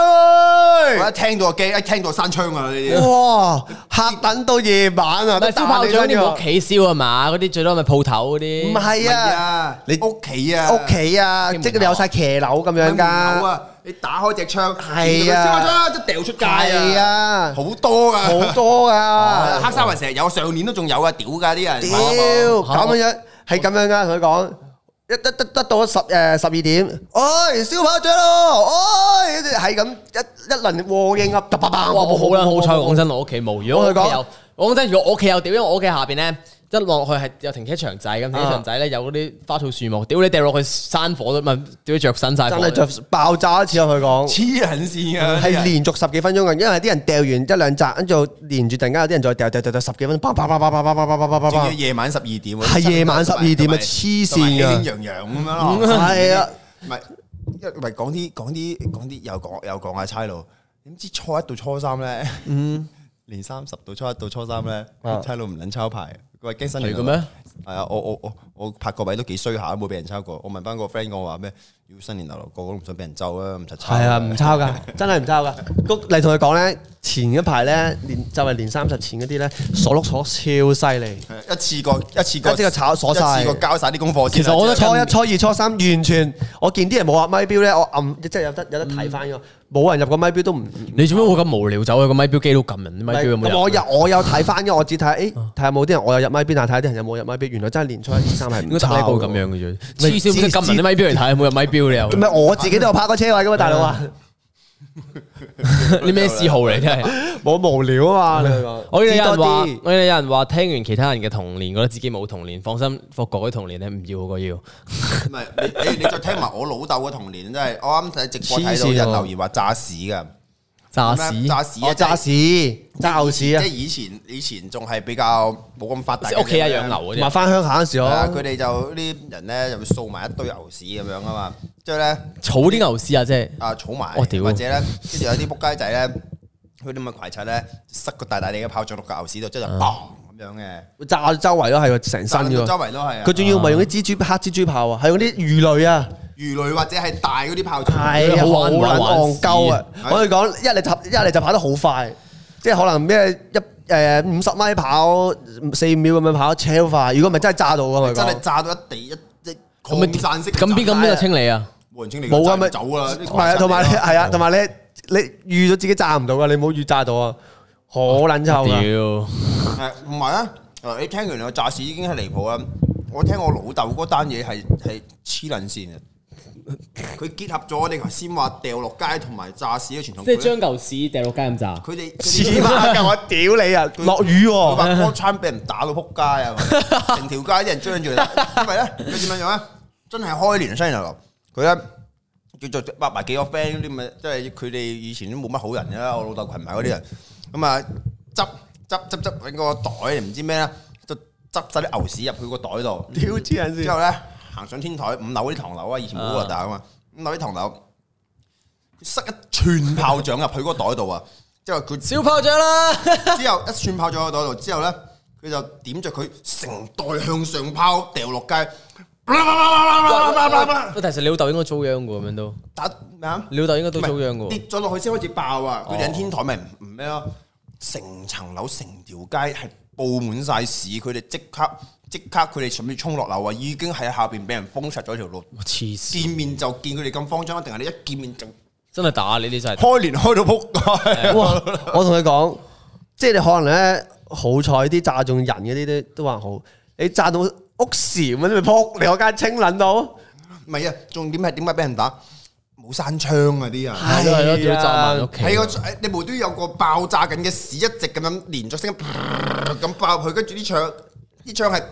我一聽到就驚，一聽到閂窗啊，呢啲哇吓，等到夜晚啊，啲燒炮仗啲屋企燒啊嘛，嗰啲最多咪鋪頭嗰啲，唔係啊，你屋企啊，屋企啊，即係你有晒騎樓咁樣噶，你打開隻窗，係啊，燒炮仗一掉出街啊，好多噶，好多噶，黑沙環成日有，上年都仲有啊，屌噶啲人，屌咁樣，係咁樣噶，同佢講。一得得到十,十二點，哎燒炮仗咯，哎係咁一一輪和應啊，叭叭，好、嗯、啦，好彩講真我屋企冇，如果我講真如果我屋企又點樣，因為我屋企下面呢。一落去係有停車場仔咁，停車場仔咧有嗰啲花草樹木，屌你掉落去山火都唔，屌你着身晒真係着爆炸一次，佢講黐緊線啊，係連續十幾分鐘啊，因為啲人掉完一兩集，跟住連住突然間有啲人再掉掉掉掉十幾分鐘，啪啪啪啪，夜晚十二點啊，係夜晚十二點啊，黐線啊，洋洋咁樣咯，係啊，唔係一係講啲講啲講啲又講又講阿差佬，點知初一到初三咧，嗯，年三十到初一到初三咧，差佬唔捻抄牌。佢話驚新嚟嘅咩？係啊，我我我我拍個位都幾衰下，冇俾人抄過。我問翻個 friend 講話咩？要新年流流個個都唔想俾人咒啊，唔使抄。係啊，唔抄噶，真係唔抄噶。嚟同佢講咧，前一排咧連就係年三十前嗰啲咧鎖碌鎖超犀利，一次過一次過即係炒鎖晒，交晒啲功課。其實我都初一、初二、初三完全，我見啲人冇話咪表咧，我按即係有得有得睇翻嘅，冇人入個咪表都唔。你做咩會咁無聊走去個咪表機度撳人，咪表有冇入？我有我有睇翻嘅，我只睇誒睇下冇啲人，我有咪表啊！睇下啲人有冇入咪表，原來連的真係年初一至三係唔得差到咁樣嘅啫，黐線識撳人啲咪表嚟睇，冇入咪表你又……唔係我自己都有拍過車位嘅嘛，大佬啊！你咩嗜好嚟真嘅？冇，無聊啊嘛，我有人話，我哋有人話，聽完其他人嘅童年，覺得自己冇童年，放心，復國嘅童年咧唔要過要。唔係你，你再聽埋我老豆嘅童年，真係我啱睇直播睇到人留言話炸屎噶。炸屎！炸屎！我炸屎、炸牛屎啊！即係以前，以前仲係比較冇咁發達，屋企一養牛嘅。我翻鄉下嘅時候，佢哋就啲人咧，就掃埋一堆牛屎咁樣啊嘛。之後咧，就是、草啲牛屎啊，即係啊，草埋。我屌、哦！或者咧，跟住有啲仆街仔咧，佢啲咁嘅怪柒咧，塞個大大地嘅炮仗落架牛屎度，即係就嘣、是、咁樣嘅，炸周圍咯，係成身嘅。周圍都係啊！佢仲要咪用啲蜘蛛黑蜘蛛炮啊？係用啲魚雷啊！魚雷或者係大嗰啲炮，好難蕩鳩啊！我哋講，一嚟就一嚟就跑得好快，即係可能咩一誒五十米跑四秒咁樣跑超快。如果唔係真係炸到噶嘛，真係炸到一地一一擴散式咁邊咁咩清理啊？無人清理冇啊。咪走噶啦，同埋同埋係啊，同埋你你預咗自己炸唔到啊，你唔好預炸到啊，好撚臭噶！唔係啊，你聽完我炸事已經係離譜啊。我聽我老豆嗰單嘢係係黐撚線啊！佢結合咗我哋頭先話掉落街同埋炸屎嘅傳統，即係將嚿屎掉落街咁炸。佢哋屎巴噶，我屌你啊！落雨麼，嗰把波鏟俾人打到仆 [laughs] 街啊！成條街啲人張住，因為咧佢點樣樣啊？真係開年犀日佢咧叫做挖埋幾個 friend 嗰啲咪，即係佢哋以前都冇乜好人嘅啦。我老豆群埋嗰啲人，咁啊執執執執喺個袋，唔知咩咧，就執晒啲牛屎入去個袋度。屌，黐線之後咧。 [laughs] 行上天台五樓嗰啲唐樓啊，以前好核突啊嘛，五樓啲唐樓，塞一串炮仗入佢嗰個袋度啊，之後佢燒炮仗啦，之後一串炮仗喺袋度，之後咧佢就點着佢成袋向上拋掉落街。不過其實你老豆應該遭殃噶，咁樣都打咩啊？老豆應該都遭殃噶，跌咗落去先開始爆啊！佢哋喺天台咪唔咩咯？成層樓、成條街係布滿晒屎，佢哋即刻。即刻佢哋準備衝落樓啊！已經喺下邊俾人封殺咗條路。黐了見面就見佢哋咁慌張，一定係你一見面就真係打？你打。啲真係開年開到撲街！ [laughs] 欸、 [laughs] 我同你講，即係你可能咧好彩啲炸中人嘅啲都還好，你炸到屋檐咁就撲你嗰間青撚到。唔係啊，重點係點解俾人打？冇閂窗啊啲人係咯， [laughs] 啊、要砸埋屋企。係個、啊、你無端有個爆炸緊嘅屎，一直咁樣連續聲咁爆入去，跟住啲牆。呢張係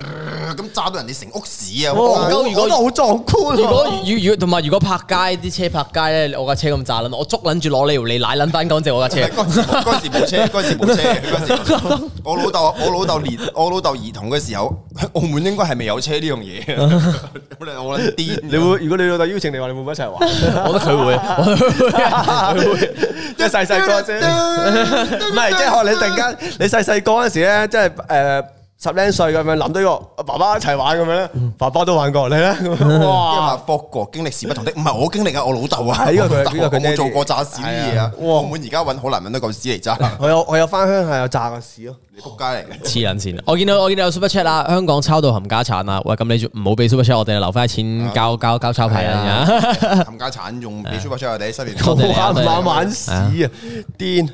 咁炸到人哋成屋屎啊！哦、如果我覺得好壯觀、啊如。如果要要同埋如果拍街啲車拍街咧，我架車咁炸啦，我捉捻住攞你條，你奶捻翻講謝我架車。嗰、 [music] 那個、時冇 [laughs] 車，嗰時冇車。嗰時我老豆，我老豆連我老豆兒童嘅時候，澳門應該係未有車呢樣嘢。我諗癲， [laughs] 你會如果你老豆邀請你話，你會唔會一齊玩 [laughs] 我會？我覺得佢會，佢會，即係細細個先。唔係， [laughs] 即係可能你，突然間你細細個嗰時咧，即係誒。十零歲咁樣諗到呢個爸爸一齊玩咁樣咧，爸爸都玩過你咧，哇，經歷過，經歷事不同的，唔係我經歷嘅，我老豆啊，呢個佢，我冇做過炸屎啲嘢啊，哇，澳門而家搵好難搵到個屎嚟炸，我有我有翻鄉下有炸個屎咯，你仆街嚟，黐捻線，我見到我見到有 Super Chat 啦，香港抄到冚家鏟啦，喂，咁你唔好俾 Super Chat，我哋留翻啲錢交交交抄牌啊，冚家鏟用俾 Super Chat 我哋十年，好難玩屎啊，癲。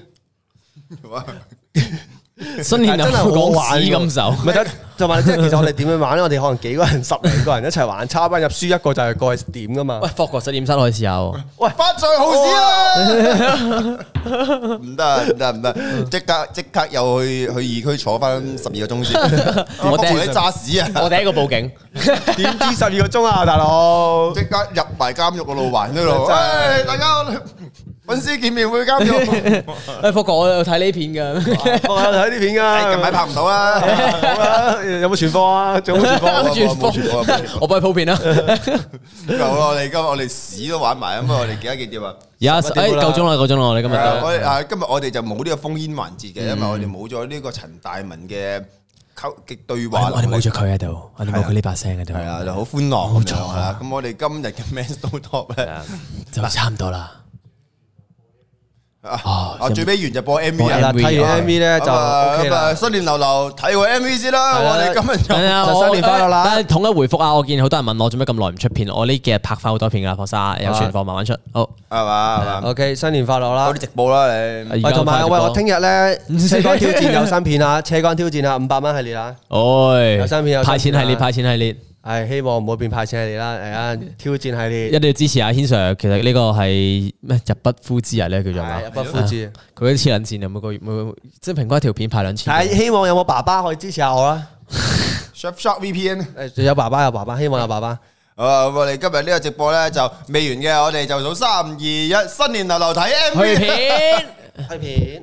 新年真係好玩咁受，唔得，同埋即係其實我哋點樣玩咧？我哋可能幾個人十零個人一齊玩，差班入輸一個就係過點噶嘛？喂，復國實驗室可以試下。喂，發財好屎啊！唔得唔得唔得，即刻即刻又去去二區坐翻十二個鐘先，我哋揸屎啊！我第一個報警，點知十二個鐘啊，大佬？即刻入埋監獄個路頑呢度，大家粉絲見面會咁樣，誒，福哥，我有睇呢片嘅，我睇呢片嘅，近排拍唔到啊。有冇存貨啊？仲有冇存貨啊？我唔係普遍啊。夠啦！我哋今日，我哋屎都玩埋啊嘛！我哋幾多幾點啊？而家誒，夠鐘啦，夠鐘啦！我哋今日我今日我哋就冇呢個烽煙環節嘅，因為我哋冇咗呢個陳大文嘅溝嘅對話，我哋冇咗佢喺度，我哋冇佢呢把聲喺度，係啊，就好歡樂，冇錯啊！咁我哋今日嘅 men top 咧就差唔多啦。啊！最尾完就播 MV 啦，睇完 MV 咧就新年流流睇個 MV 先啦，我哋就新年快樂啦！但係統一回覆啊，我見好多人問我做咩咁耐唔出片，我呢幾日拍翻好多片噶啦，佛沙有全貨慢慢出，好係嘛，OK 新年快樂啦！嗰啲直播啦，你同埋喂我聽日咧車竿挑戰有新片啊，車竿挑戰啊五百蚊系列啊，哦有新片有派錢系列派錢系列。係 [music] 希望唔好變派車你啦！誒啊，挑戰係你，一定要支持阿軒 Sir。其實呢個係咩入不敷支日咧叫做入不敷支。佢、啊嗯啊、一次兩千，有每個月冇即係平均條片拍兩次。係、嗯、希望有冇爸爸可以支持下我啦？Shop Shop VPN。誒、 [laughs] 啊，有爸爸有爸爸，希望有爸爸。誒、啊，我哋今日呢個直播咧就未完嘅，我哋就數三二一，新年流流睇 MV。片，去 [laughs] 片。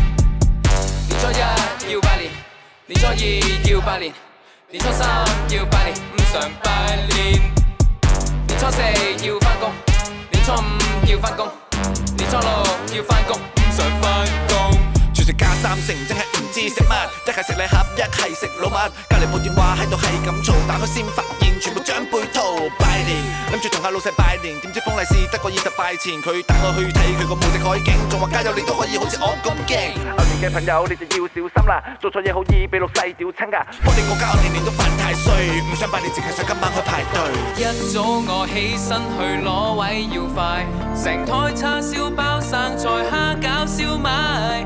年初一要拜年，年初二要拜年，年初三要拜年，唔想拜年。年初四要返工，年初五要返工，年初六要返工，唔想返工。仲要加三成，真係唔知食乜，一係食禮盒，一係食老物。隔離部電話喺度係咁嘈，打開先發現全部長背套。拜年，諗住同下老細拜年，點知封利是得個二十塊錢。佢帶我去睇佢個無敵海景，仲話加油你都可以好似我咁勁。後年嘅朋友你就要小心啦，做錯嘢好易俾老細屌親㗎。我哋個家年年都犯太歲，唔想拜年，淨係想今晚去排隊。一早我起身去攞位要快，成台叉燒包、生菜蝦餃、燒賣。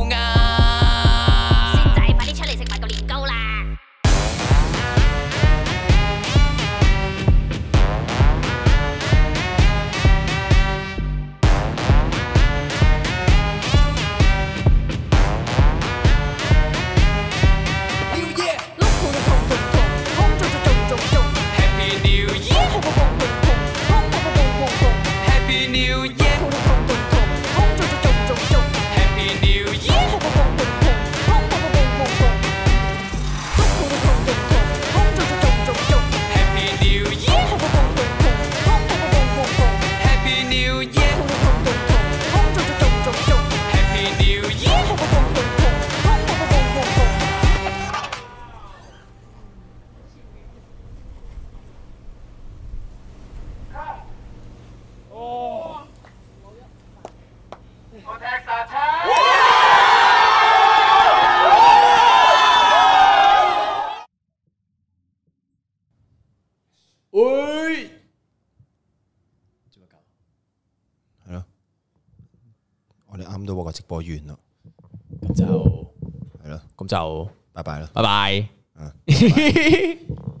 咁都我個直播完咯，咁就係咯，咁了就拜拜啦，拜拜， [laughs] [laughs]